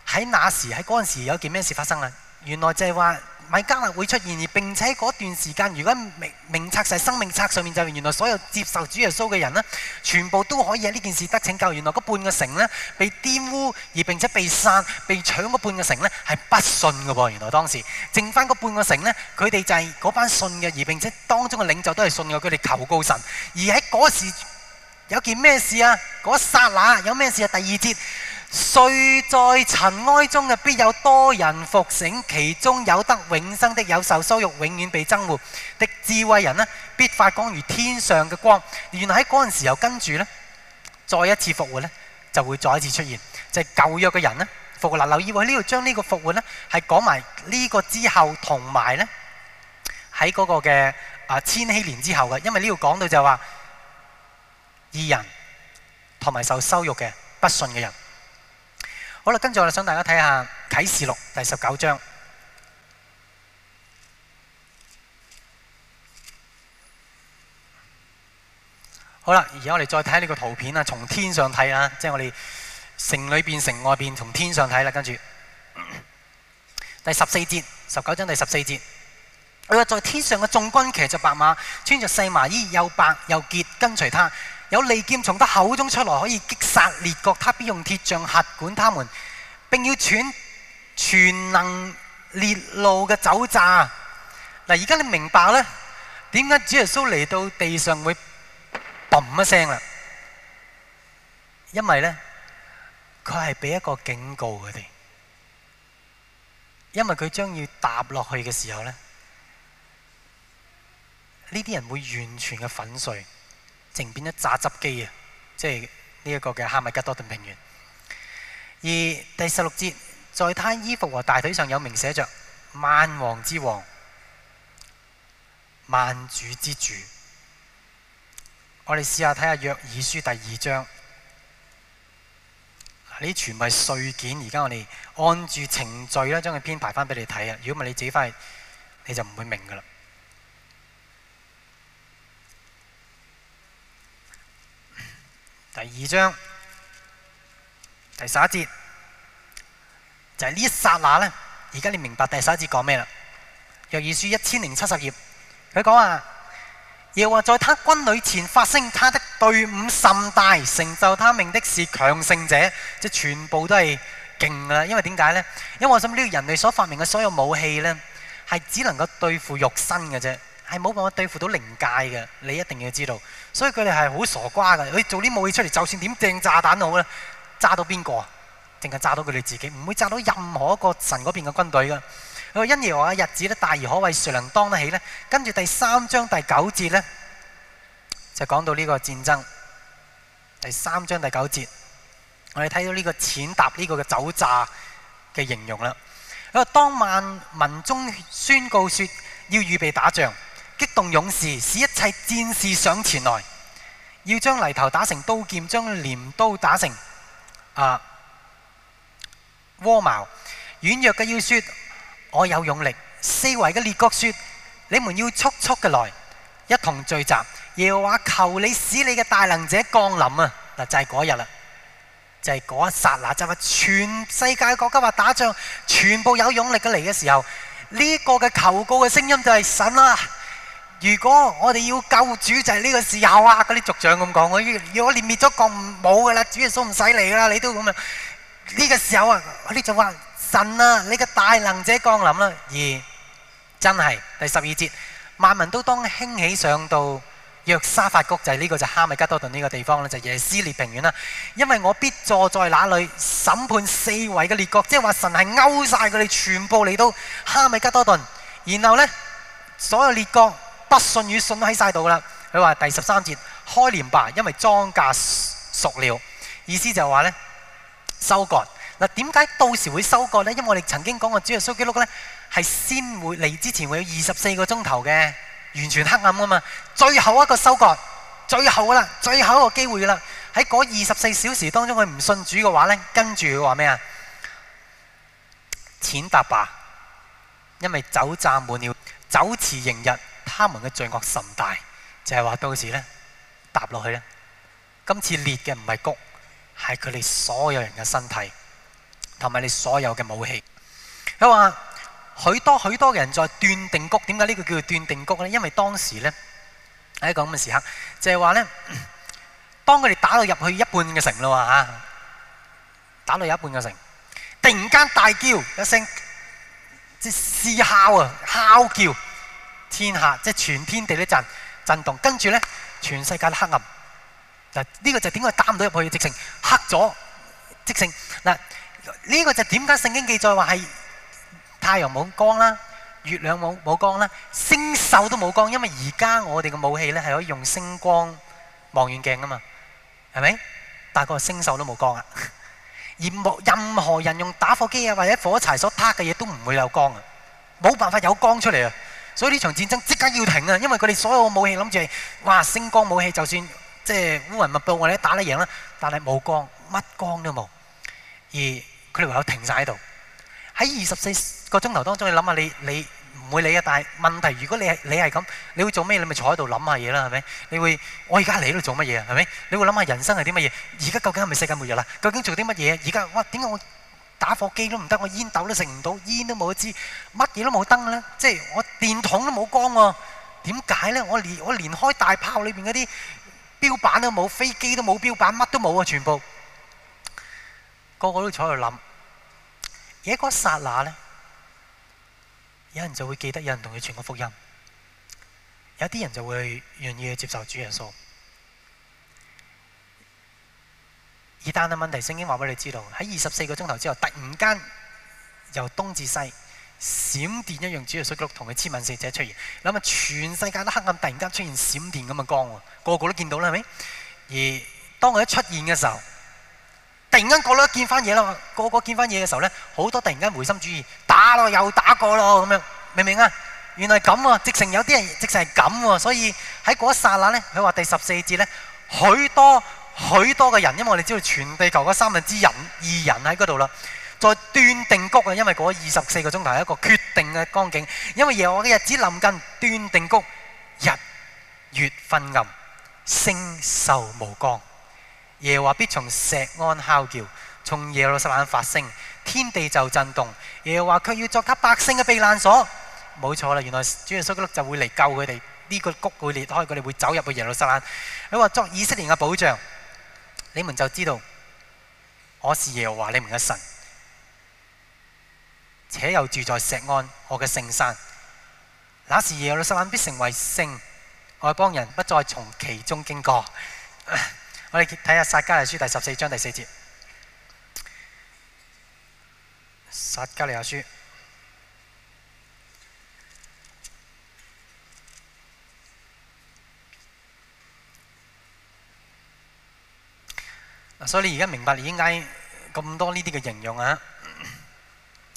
S1: 喺那時喺嗰陣時有件咩事發生啊？原來就係話。米迦勒會出現，而並且嗰段時間，如果在明明察曬生命冊上面就原來所有接受主耶穌嘅人呢，全部都可以喺呢件事得拯救。原來嗰半個城呢，被玷污，而並且被殺、被搶嗰半個城呢，係不信嘅噃。原來當時剩翻嗰半個城呢，佢哋就係嗰班信嘅，而並且當中嘅領袖都係信嘅。佢哋求告神，而喺嗰時有件咩事啊？嗰剎那，剎那有咩事啊？第二節。睡在塵埃中嘅必有多人復醒，其中有得永生的，有受羞辱，永遠被憎惡的智慧人呢，必發光如天上嘅光。原來喺嗰陣時又跟住呢，再一次復活呢，就會再一次出現，就係舊約嘅人呢。復活喇，留意喎，呢度將呢個復活呢，係講埋呢個之後同埋呢，喺嗰個嘅啊千禧年之後嘅，因為呢度講到就係話義人同埋受羞辱嘅不信嘅人。好啦，跟住我哋想大家睇下《啟示錄》第十九章。好啦，而家我哋再睇呢個圖片啊，從天上睇啊，即係我哋城裏邊、城外邊，從天上睇啦。跟住第十四節、十九章第十四節，佢話在天上嘅眾軍騎着白馬，穿着細麻衣，又白又潔，跟隨他。有利劍從他口中出來，可以擊殺列國，他必用鐵杖轄管他們，並要踹全能烈怒嘅酒醡。嗱，而家你明白咧，點解主耶穌嚟到地上會嘣一聲啦？因為咧，佢係俾一個警告佢哋，因為佢將要踏落去嘅時候咧，呢啲人會完全嘅粉碎。成變咗榨汁機啊！即係呢一個嘅哈米吉多頓平原。而第十六節，在他衣服和大腿上有名寫着「萬王之王、萬主之主」。我哋試下睇下約珥書第二章。呢啲全部係碎件，而家我哋按住程序咧，將佢編排翻俾你睇啊！如果唔係你自己翻去，你就唔會明噶啦。第二章，第十、就是、一節就係呢一剎那呢，而家你明白第十一節講咩啦？約珥書一千零七十頁，佢講話，耶和在他軍旅前發聲，他的隊伍甚大，成就他命的是強盛者，即全部都係勁啦！因為點解呢？因為我想呢個人類所發明嘅所有武器呢，係只能夠對付肉身嘅啫。係冇辦法對付到靈界嘅，你一定要知道。所以佢哋係好傻瓜嘅。佢做啲武器出嚟，就算點掟炸彈都好咧，炸到邊個啊？淨係炸到佢哋自己，唔會炸到任何一個神嗰邊嘅軍隊嘅。佢話因耶和華嘅日子咧大而可畏，誰能當得起呢？跟住第三章第九節呢，就講到呢個戰爭。第三章第九節，我哋睇到呢個踐踏呢個嘅酒醡嘅形容啦。佢話當晚民眾宣告說，要預備打仗。激動勇士，使一切戰士上前來，要將犁頭打成刀劍，將鐮刀打成啊戈矛。軟弱嘅要說我有勇力，四圍嘅列國說，你們要速速嘅來，一同聚集。耶和華，求你使你嘅大能者降臨啊！嗱、就是，就係嗰日啦，就係嗰一剎那，就係全世界國家話打仗，全部有勇力嘅嚟嘅時候，呢、這個嘅求告嘅聲音就係神啊！如果我哋要救主就係呢個時候啊，嗰啲族長咁講，我要我哋滅咗國唔冇噶啦，主耶穌唔使嚟啦，你都咁啊？呢個時候啊，佢哋就話神啊，你個大能者降臨啦，而真係第十二節，萬民都當興起上到約沙法谷，就係呢個就哈米吉多頓呢個地方咧，就耶斯列平原啦。因為我必坐在那裏審判四位嘅列國，即係話神係勾晒佢哋全部嚟到哈米吉多頓，然後咧所有列國。不信與信都喺晒度啦。佢話第十三節開鐮吧，因為莊稼熟了。意思就係話咧收割。嗱，點解到時會收割呢？因為我哋曾經講過，主耶穌基督呢，係先會嚟之前會有二十四個鐘頭嘅完全黑暗噶嘛。最後一個收割，最後啦，最後一個機會啦。喺嗰二十四小時當中，佢唔信主嘅話呢，跟住佢話咩啊？踐踏吧，因為酒榨滿了，酒池盈溢。」他們嘅罪惡甚大，就係話到時咧，踏落去咧。今次裂嘅唔係谷，係佢哋所有人嘅身體，同埋你所有嘅武器。佢話：許多許多嘅人在斷定谷，點解呢個叫做斷定谷咧？因為當時咧喺一個咁嘅時刻，就係話咧，當佢哋打到入去一半嘅城啦喎嚇，打到有一半嘅城，突然間大叫一聲，即係嘶哮啊，哮叫！天下即係全天地都震震動，跟住咧全世界都黑暗。嗱，呢個就點解打唔到入去？直情黑咗，直情嗱，呢個就點解聖經記載話係太陽冇光啦，月亮冇冇光啦，星宿都冇光。因為而家我哋嘅武器咧係可以用星光望遠鏡啊嘛，係咪？但個星宿都冇光啊！而冇任何人用打火機啊或者火柴所撻嘅嘢都唔會有光啊，冇辦法有光出嚟啊！所以呢場戰爭即刻要停啊！因為佢哋所有武器諗住係哇，星光武器就算即係烏雲密佈，我哋打得贏啦。但係冇光，乜光都冇。而佢哋唯有停曬喺度。喺二十四個鐘頭當中，你諗下你你唔會理嘅，但係問題如果你係你係咁，你會做咩？你咪坐喺度諗下嘢啦，係咪？你會我而家嚟呢度做乜嘢？係咪？你會諗下人生係啲乜嘢？而家究竟係咪世界末日啦？究竟做啲乜嘢？而家哇，點解我？打火機都唔得，我煙斗都食唔到，煙都冇一支，乜嘢都冇燈呢，即係我電筒都冇光喎。點解呢？我連我連開大炮裏邊嗰啲標板都冇，飛機都冇標板，乜都冇啊！全部個個都坐喺度諗，而喺嗰剎那呢，有人就會記得，有人同佢傳個福音，有啲人就會願意去接受主耶穌。而單單問題，聖經話俾你知道，喺二十四個鐘頭之後，突然間由東至西閃電一樣主要水局同佢千萬使者出現。諗下全世界都黑暗，突然間出現閃電咁嘅光喎，個個都見到啦，係咪？而當佢一出現嘅時候，突然間個個都見翻嘢啦，個個見翻嘢嘅時候咧，好多突然間回心轉意打咯，又打過咯，咁樣明唔明啊？原來咁喎、啊，直情有啲人直情係咁喎，所以喺嗰一剎那咧，佢話第十四節咧，許多。許多嘅人，因為我哋知道全地球嗰三分之人二人喺嗰度啦，在斷定谷啊，因為嗰二十四個鐘頭係一個決定嘅光景。因為耶和華嘅日子臨近，斷定谷日月昏暗，星宿無光。耶和華必從石安敲叫，從耶路撒冷發聲，天地就震動。耶和華卻要作給百姓嘅避難所。冇錯啦，原來主耶穌基督就會嚟救佢哋，呢個谷會裂開，佢哋會走入去耶路撒冷。佢話作以色列人嘅保障。你們就知道我是耶和華你們嘅神，且又住在石安，我嘅聖山。那時耶路撒冷必成為聖，外邦人不再從其中經過。 我哋睇下撒迦利亞書第十四章第四節。撒迦利亞書。所以你而家明白你理解咁多呢啲嘅形容啊？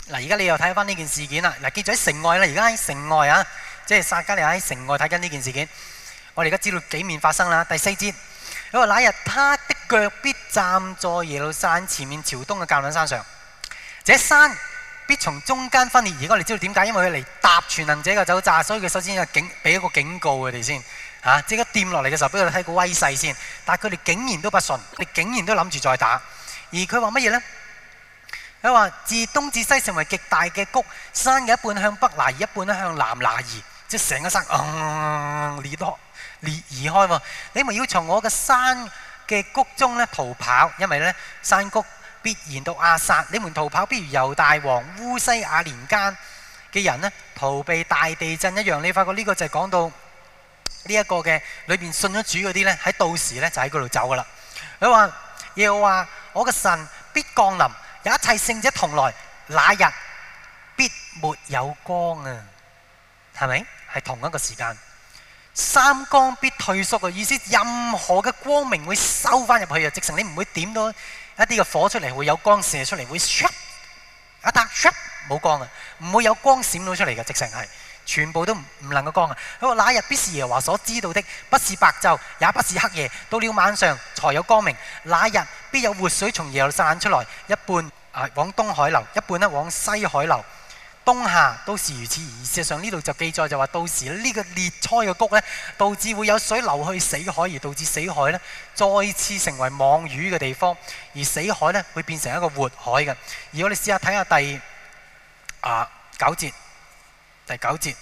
S1: 嗱，而家你又睇翻呢件事件啦。嗱，記住喺城外啦，而家喺城外啊，即係撒迦利亞喺城外睇緊呢件事件。我哋而家知道幾面發生啦。第四節，佢話那日他的腳必站在耶路撒冷前面朝東嘅橄欖山上，這山必從中間分裂。而家你知道點解？因為佢嚟搭全能者嘅酒醡。」所以佢首先嘅警俾一個警告佢哋先。啊！即刻掂落嚟嘅時候，俾佢哋睇個威勢先。但係佢哋竟然都不信，你竟然都諗住再打。而佢話乜嘢咧？佢話自東至西成為極大嘅谷，山嘅一半向北挪移，一半咧向南挪移，即係成個山嗯裂開裂而開喎。你們要從我嘅山嘅谷中咧逃跑，因為咧山谷必然到亞薩。你們逃跑，必如猶大王烏西亞年間嘅人咧逃避大地震一樣。你發覺呢個就係講到。呢一個嘅裏邊信咗主嗰啲咧，喺到時咧就喺嗰度走噶啦。佢話：要話我個神必降臨，有一切聖者同來，那日必沒有光啊！係咪？係同一個時間，三光必退縮嘅意思，任何嘅光明會收翻入去啊！直情你唔會點到一啲嘅火出嚟，會有光射出嚟，會唰一打唰冇光啊！唔會有光閃到出嚟嘅，直情係。全部都唔能夠光啊！佢話：那日必是耶和華所知道的，不是白晝，也不是黑夜，到了晚上才有光明。那日必有活水從耶路散出來，一半啊往東海流，一半呢往西海流。冬夏都是如此。而事實上呢度就記載就話到時呢個裂開嘅谷呢，導致會有水流去死海，而導致死海呢，再次成為網魚嘅地方，而死海呢，會變成一個活海嘅。而我哋試下睇下第啊九節。第九節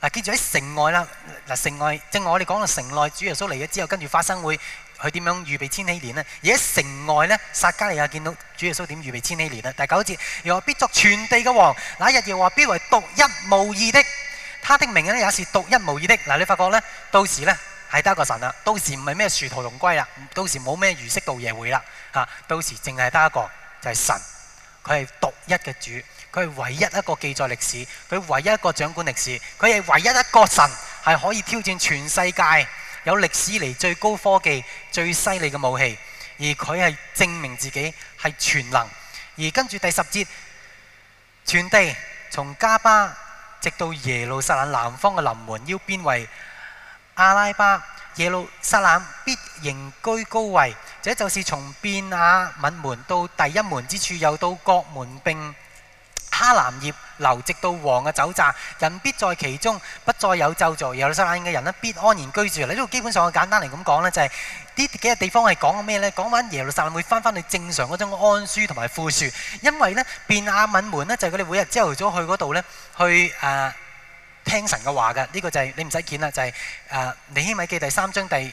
S1: 嗱，跟住喺城外啦，嗱城外正如我哋講到城內，主耶穌嚟咗之後，跟住發生會佢點樣預備千禧年呢？而喺城外咧，撒迦利亞見到主耶穌點預備千禧年啦。第九節又話必作全地嘅王，那日又話必為獨一無二的，他的名咧也是獨一無二的。嗱，你發覺咧，到時咧係得一個神啦，到時唔係咩殊途同歸啦，到時冇咩儒釋道耶回啦，嚇，到時淨係得一個就係、是、神，佢係獨一嘅主。佢係唯一一個記載歷史，佢唯一一個掌管歷史，佢係唯一一個神，係可以挑戰全世界有歷史嚟最高科技、最犀利嘅武器，而佢係證明自己係全能。而跟住第十節，全地從加巴直到耶路撒冷南方嘅臨門，要變為阿拉巴，耶路撒冷必仍居高位。這就是從便雅憫門到第一門之處，又到國門並。哈南葉流直到黃嘅酒罈，人必在其中，不再有咒詛。耶路撒冷嘅人咧，必安然居住。你呢個基本上我簡單嚟咁講呢就係、是、呢幾個地方係講咩呢？講緊耶路撒冷會翻返去正常嗰種安舒同埋富庶，因為呢便雅憫門呢，就係佢哋每日朝頭早去嗰度呢，去啊聽神嘅話㗎。呢、這個就係、是、你唔使見啦，就係、是、啊尼希米記第三章第。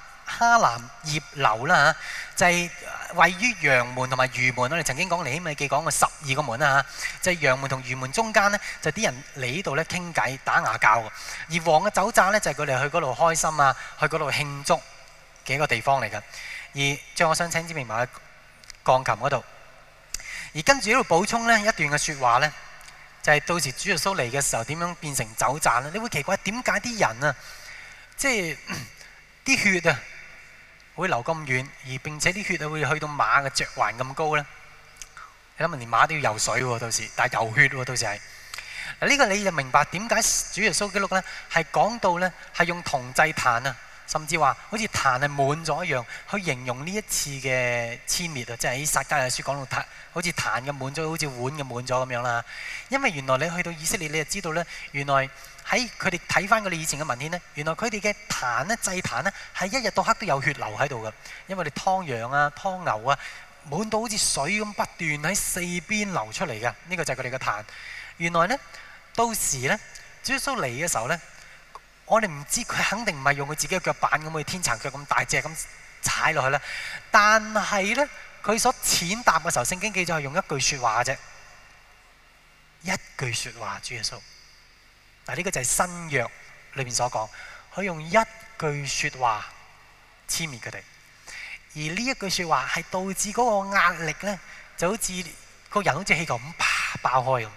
S1: 哈南葉樓啦嚇，就係、是、位於羊門同埋魚門，我哋曾經講尼希米記講嘅十二個門啦嚇，就係、是、羊門同魚門中間呢，就啲、是、人嚟呢度咧傾偈打牙鉸，而王嘅酒醡呢，就係佢哋去嗰度開心啊，去嗰度慶祝嘅一個地方嚟嘅。而將我想請啲名埋喺鋼琴嗰度，而跟住呢度補充呢一段嘅説話呢，就係、是、到時主耶穌嚟嘅時候點樣變成酒醡咧？你會奇怪點解啲人啊，即係啲血啊～會流咁遠，而並且啲血會會去到馬嘅頸環咁高呢，你諗下連馬都要游水喎，到時，但係游血喎，到時係。呢、這個你就明白點解主耶穌基督呢係講到呢，係用銅祭壇啊。甚至話好似壇係滿咗一樣，去形容呢一次嘅殲滅啊，即係喺撒迦利亞書講到壇，好似壇咁滿咗，好似碗咁滿咗咁樣啦。因為原來你去到以色列，你就知道呢，原來喺佢哋睇返佢哋以前嘅文獻呢，原來佢哋嘅壇呢，祭壇呢，係一日到黑都有血流喺度嘅，因為你劏羊啊、劏牛啊，滿到好似水咁不斷喺四邊流出嚟嘅，呢、呢個就係佢哋嘅壇。原來呢，到時呢，耶穌嚟嘅時候呢。我哋唔知佢肯定唔係用佢自己嘅腳板咁去天殘腳咁大隻咁踩落去啦。但係咧，佢所踐踏嘅時候，聖經記載係用一句說話嘅啫，一句說話，主耶穌。嗱、啊、呢、這個就係新約裏面所講，佢用一句說話殲滅佢哋。而呢一句說話係導致嗰個壓力咧，就好似個人好似氣球咁啪爆開咁，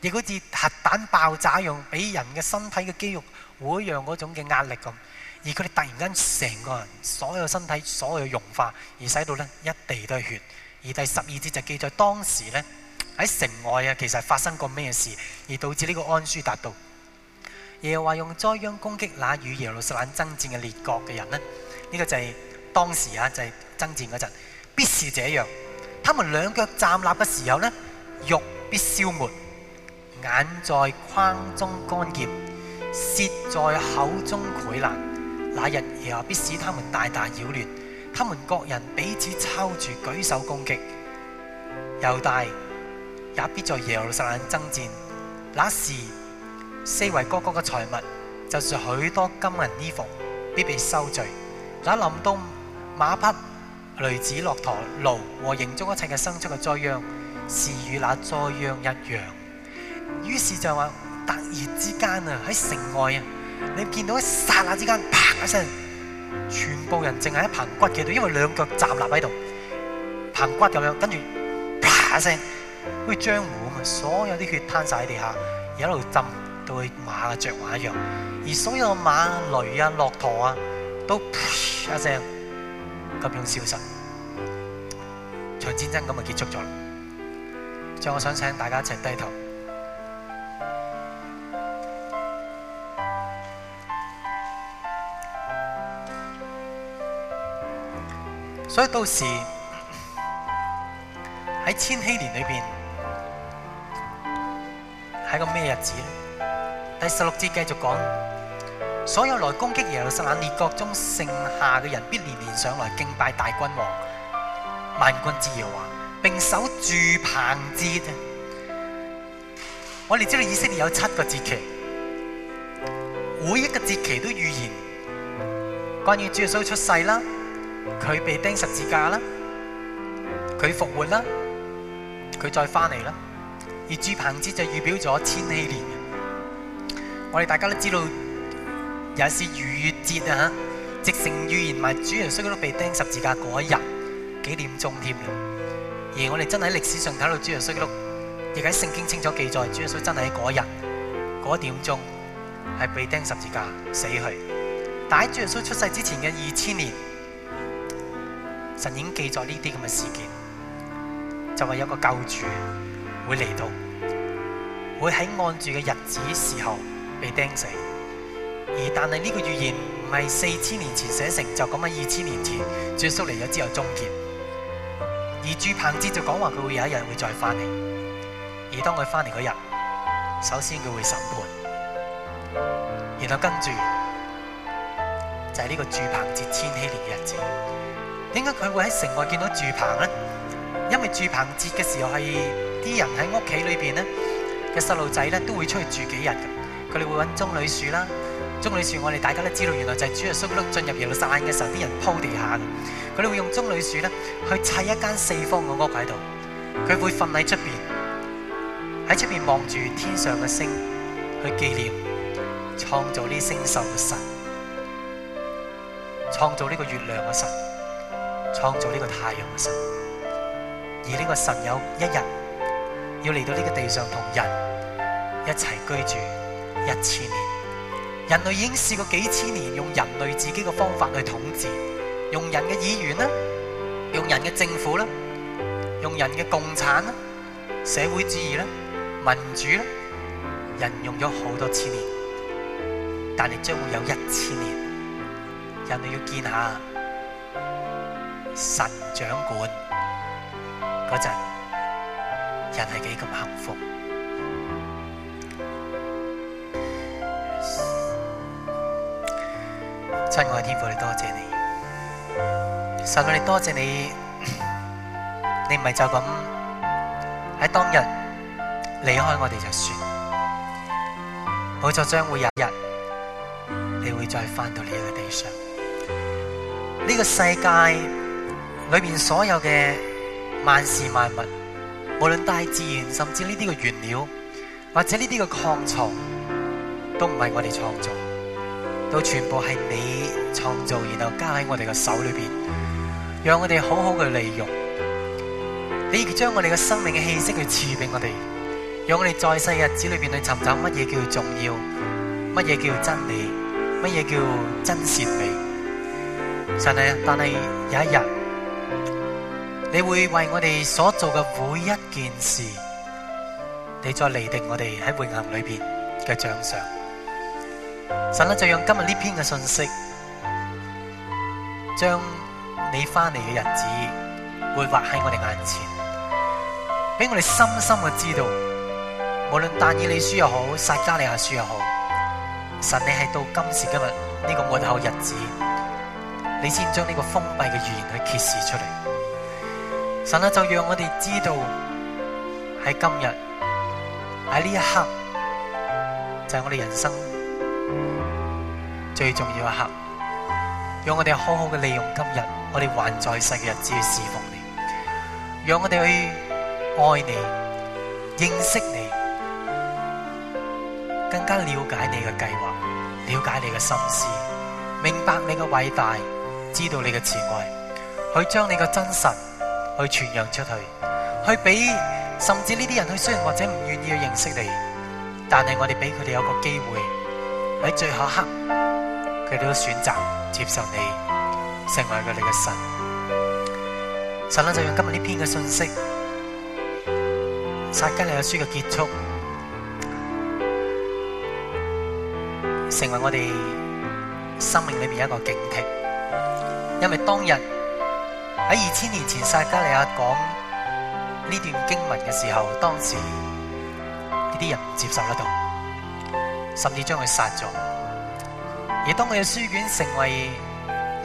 S1: 亦好似核彈爆炸用樣，俾人嘅身體嘅肌肉。會讓嗰種嘅壓力咁，而佢哋突然間成個人所有身體所有融化，而使到咧一地都係血。而第十二節就記載當時咧喺城外啊，其實發生過咩事，而導致呢個安舒達道。耶和華用災殃攻擊那與耶路撒冷爭戰嘅列國嘅人呢，呢、這個就係當時啊，就係、是、爭戰嗰陣，必是這樣。他們兩腳站立嘅時候呢，肉必消沒，眼在框中乾澀。舌在口中潰爛，那日耶和華必使他們大大擾亂，他們各人彼此抄住舉手攻擊，猶大也必在耶路撒冷爭戰。那時四圍各國嘅財物，就是許多金銀衣服，必被收聚。那林中馬匹、騾子、駱駝、驢和營中一切嘅牲畜嘅災殃，是與那災殃一樣。於是就話。突然之間啊，喺城外啊，你見到一剎那之間，啪一聲，全部人淨係喺棚骨嘅度，因為兩腳站立喺度，棚骨咁樣，跟住啪一聲，好似漿糊咁，所有啲血攤晒喺地下，而一路浸，對馬啊、象啊一樣，而所有馬、驢啊、駱駝啊，都一聲，咁樣消失，場戰爭咁就結束咗。即係我想請大家一齊低頭。所以到時喺千禧年裏邊係一個咩日子咧？第十六節繼續講，所有來攻擊耶路撒冷列國中剩下嘅人，必連連上來敬拜大君王、萬軍之耶和華，並守住棚節。我哋知道以色列有七個節期，每一個節期都預言關於主耶穌出世啦。佢被釘十字架啦，佢復活啦，佢再翻嚟啦。而住棚節就預表咗千禧年。我哋大家都知道有，也是逾越節啊吓，直情預言埋主耶穌基督被釘十字架嗰一日幾點鐘添。而我哋真係喺歷史上睇到主耶穌基督，亦喺聖經清楚記載，主耶穌真係喺嗰日嗰點鐘係被釘十字架死去。但喺主耶穌出世之前嘅二千年。神已經記載呢啲咁嘅事件，就話、是、有一個救主會嚟到，會喺按住嘅日子時候被釘死。而但係呢個預言唔係四千年前寫成就咁喺二千年前，耶穌嚟咗之後終結。而住棚節就講話佢會有一日會再翻嚟，而當佢翻嚟嗰日，首先佢會審判，然後跟住就係、是、呢個住棚節千禧年嘅日子。點解佢會喺城外見到住棚咧？因為住棚節嘅時候係啲人喺屋企裏邊咧嘅細路仔咧都會出去住幾日嘅，佢哋會揾棕櫚樹啦，棕櫚樹我哋大家都知道原來就係主耶穌窿進入耶路撒冷嘅時候啲人鋪地下嘅，佢哋會用棕櫚樹咧去砌一間四方嘅屋喺度，佢會瞓喺出邊，喺出邊望住天上嘅星去紀念創造呢星宿嘅神，創造呢個月亮嘅神。創造呢個太陽嘅神，而呢個神有一日要嚟到呢個地上同人一齊居住一千年。人類已經試過幾千年用人類自己嘅方法去統治，用人嘅議員啦，用人嘅政府啦，用人嘅共產啦、社會主義啦、民主啦，人用咗好多千年，但係將會有一千年，人類要見下。神掌管嗰陣，人係幾咁幸福？真、yes. 親愛天父，你多謝你，神父你多謝你，你唔係就咁喺當日離開我哋就算，冇錯，將會有一日，你會再翻到呢個地上，呢、呢個世界。裏面所有嘅萬事萬物，無論大自然，甚至呢啲嘅原料、或者呢啲嘅礦藏，都唔係我哋創造，都全部係你創造，然後加喺我哋嘅手裏邊，讓我哋好好嘅利用。你將我哋嘅生命嘅氣息去賜予俾我哋，讓我哋在世嘅日子裏邊去尋找乜嘢叫做重要，乜嘢叫做真理，乜嘢叫真善美。上帝，但係有一日。你會為我哋所做嘅每一件事，你再嚟定我哋喺永恆裏邊嘅獎賞。神咧就用今日呢篇嘅信息，將你翻嚟嘅日子，會畫喺我哋眼前，俾我哋深深嘅知道，無論但以理書又好，撒迦利亞書又好，神你係到今時今日呢、這個末後日子，你先將呢個封閉嘅預言去揭示出嚟。神啊，就讓我哋知道喺今日喺呢一刻就係我哋人生最重要一刻，讓我哋好好嘅利用今日我哋還在世嘅日子去侍奉你，讓我哋去愛你，認識你，更加了解你嘅計劃，了解你嘅心思，明白你嘅偉大，知道你嘅慈愛，去將你嘅真實，去傳揚出去，去俾甚至呢啲人去，雖然或者唔願意去認識你，但係我哋俾佢哋有個機會，喺最後一刻佢哋都選擇接受你，成為佢哋嘅神。神啊，就用今日呢篇嘅信息《撒迦利亞書》嘅結束，成為我哋生命裏邊一個警惕，因為當日。喺二千年前撒迦利亞講呢段經文嘅時候，當時呢啲人唔接受得到，甚至將佢殺咗。而當佢嘅書卷成為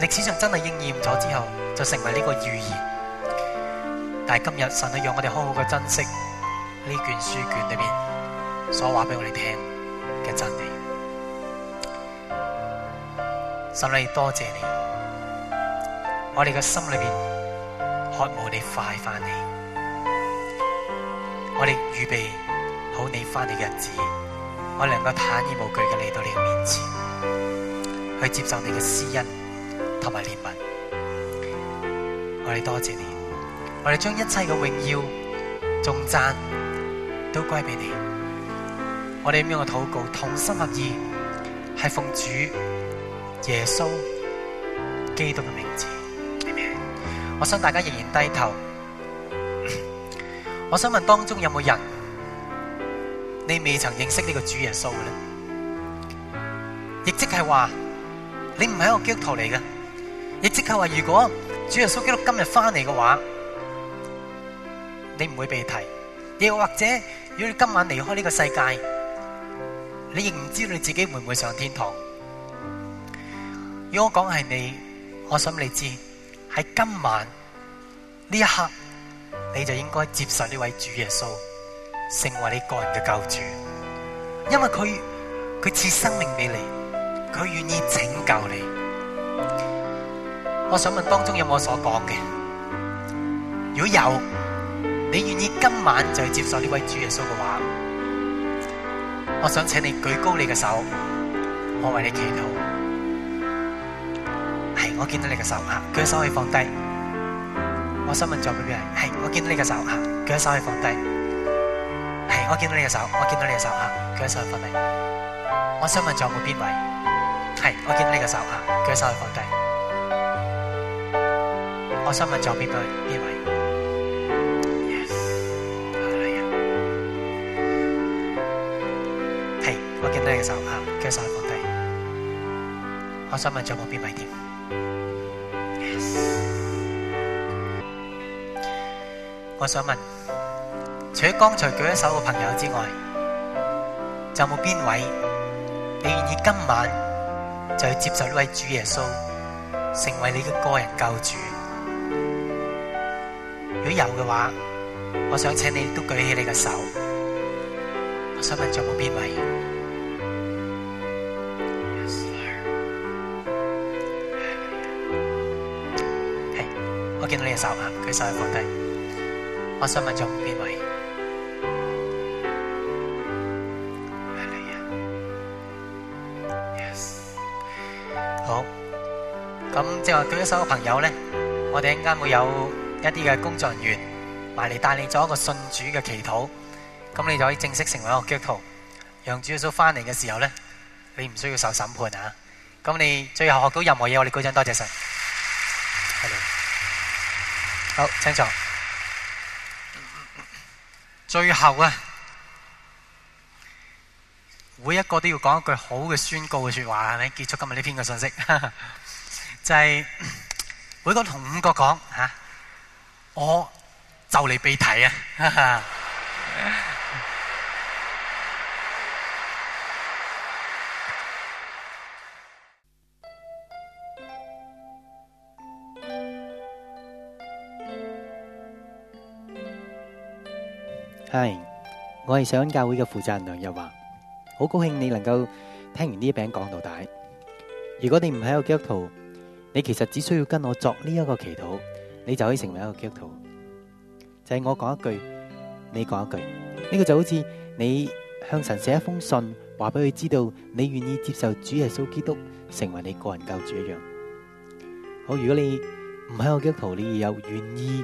S1: 歷史上真係應驗咗之後，就成為呢個預言。但係今日神啊，讓我哋好好嘅珍惜呢卷書卷裏邊所話俾我哋聽嘅真理。神啊，多謝你，我哋嘅心裏邊。渴望你快翻嚟，我哋預備好你翻嚟嘅日子，我能夠坦然無懼嘅嚟到你嘅面前，去接受你嘅施恩同埋憐憫。我哋多謝你，我哋將一切嘅榮耀、頌讚都歸俾你。我哋咁樣嘅禱告，同心合意，係奉主耶穌基督嘅名字。我想大家仍然低頭。我想問當中有冇人，你未曾認識呢個主耶穌嘅咧？亦即係話，你唔係一個基督徒嚟嘅。亦即係話，如果主耶穌基督今日翻嚟嘅話，你唔會被提。亦或者，如果你今晚離開呢個世界，你亦唔知道你自己會唔會上天堂。如果我講係你，我想你知。喺今晚呢一刻，你就應該接受呢位主耶穌成為你個人嘅救主，因為佢佢賜生命俾你，佢願意拯救你。我想問當中有冇所講嘅？如果有，你願意今晚就去接受呢位主耶穌嘅話，我想請你舉高你嘅手，我為你祈禱。我見到你嘅手啊，佢手可以放低。我想問仲有邊位？係，我見到你嘅手啊，佢手可以放低。係，我見到你嘅手，我見到你嘅手啊，佢手可以放低。我想問仲有冇邊位？係，我見到你嘅手啊，佢手可以放低。我想問仲有邊位？邊位？係，我見到你嘅手啊，佢手可以放低。我想問仲有冇邊位添？我想問，除咗剛才舉手嘅朋友之外，仲有冇邊位你願意今晚就去接受呢位主耶穌，成為你嘅個人救主？如果有嘅話，我想請你都舉起你嘅手。我想問，仲有冇邊位？係，我見到你隻手啊，舉手喺旁邊。我想問仲邊位？係咯，yes。好，咁即係話，舉手嘅朋友咧，我哋一陣間會有一啲嘅工作人員埋嚟帶你做一個信主嘅祈禱，咁你就可以正式成為一個基督徒。讓主耶穌翻嚟嘅時候咧，你唔需要受審判啊！咁你最後學到任何嘢，我哋鼓掌多謝神。好，請坐。最後啊，每一個都要講一句好嘅宣告嘅説話，你咪？結束今日呢篇嘅信息， 就係每個同五個講嚇、啊，我就嚟被提啊！ 係，我係上恩教會嘅負責人梁日華，好高興你能夠聽完呢一篇講道。如果你唔喺個基督徒，你其實只需要跟我作呢一個祈禱，你就可以成為一個基督徒。就係、是、我講一句，你講一句，呢、這個就好似你向神寫一封信，話俾佢知道你願意接受主耶穌基督成為你個人救主一樣。好，如果你唔喺個基督徒，你又有願意。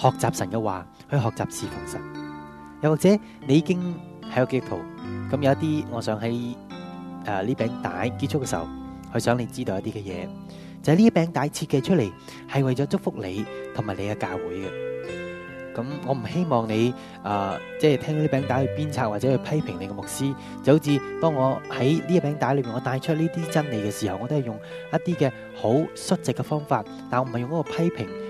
S1: 學習神嘅話，去學習侍奉神。又或者你已經喺有基督徒，咁有一啲，我想喺誒呢餅帶結束嘅時候，去想你知道一啲嘅嘢，就係呢餅帶設計出嚟係為咗祝福你同埋你嘅教會嘅。咁我唔希望你誒，即係聽到呢餅帶去鞭策或者去批評你嘅牧師。就好似當我喺呢一餅帶裏面，我帶出呢啲真理嘅時候，我都係用一啲嘅好率直嘅方法，但係我唔係用嗰個批評。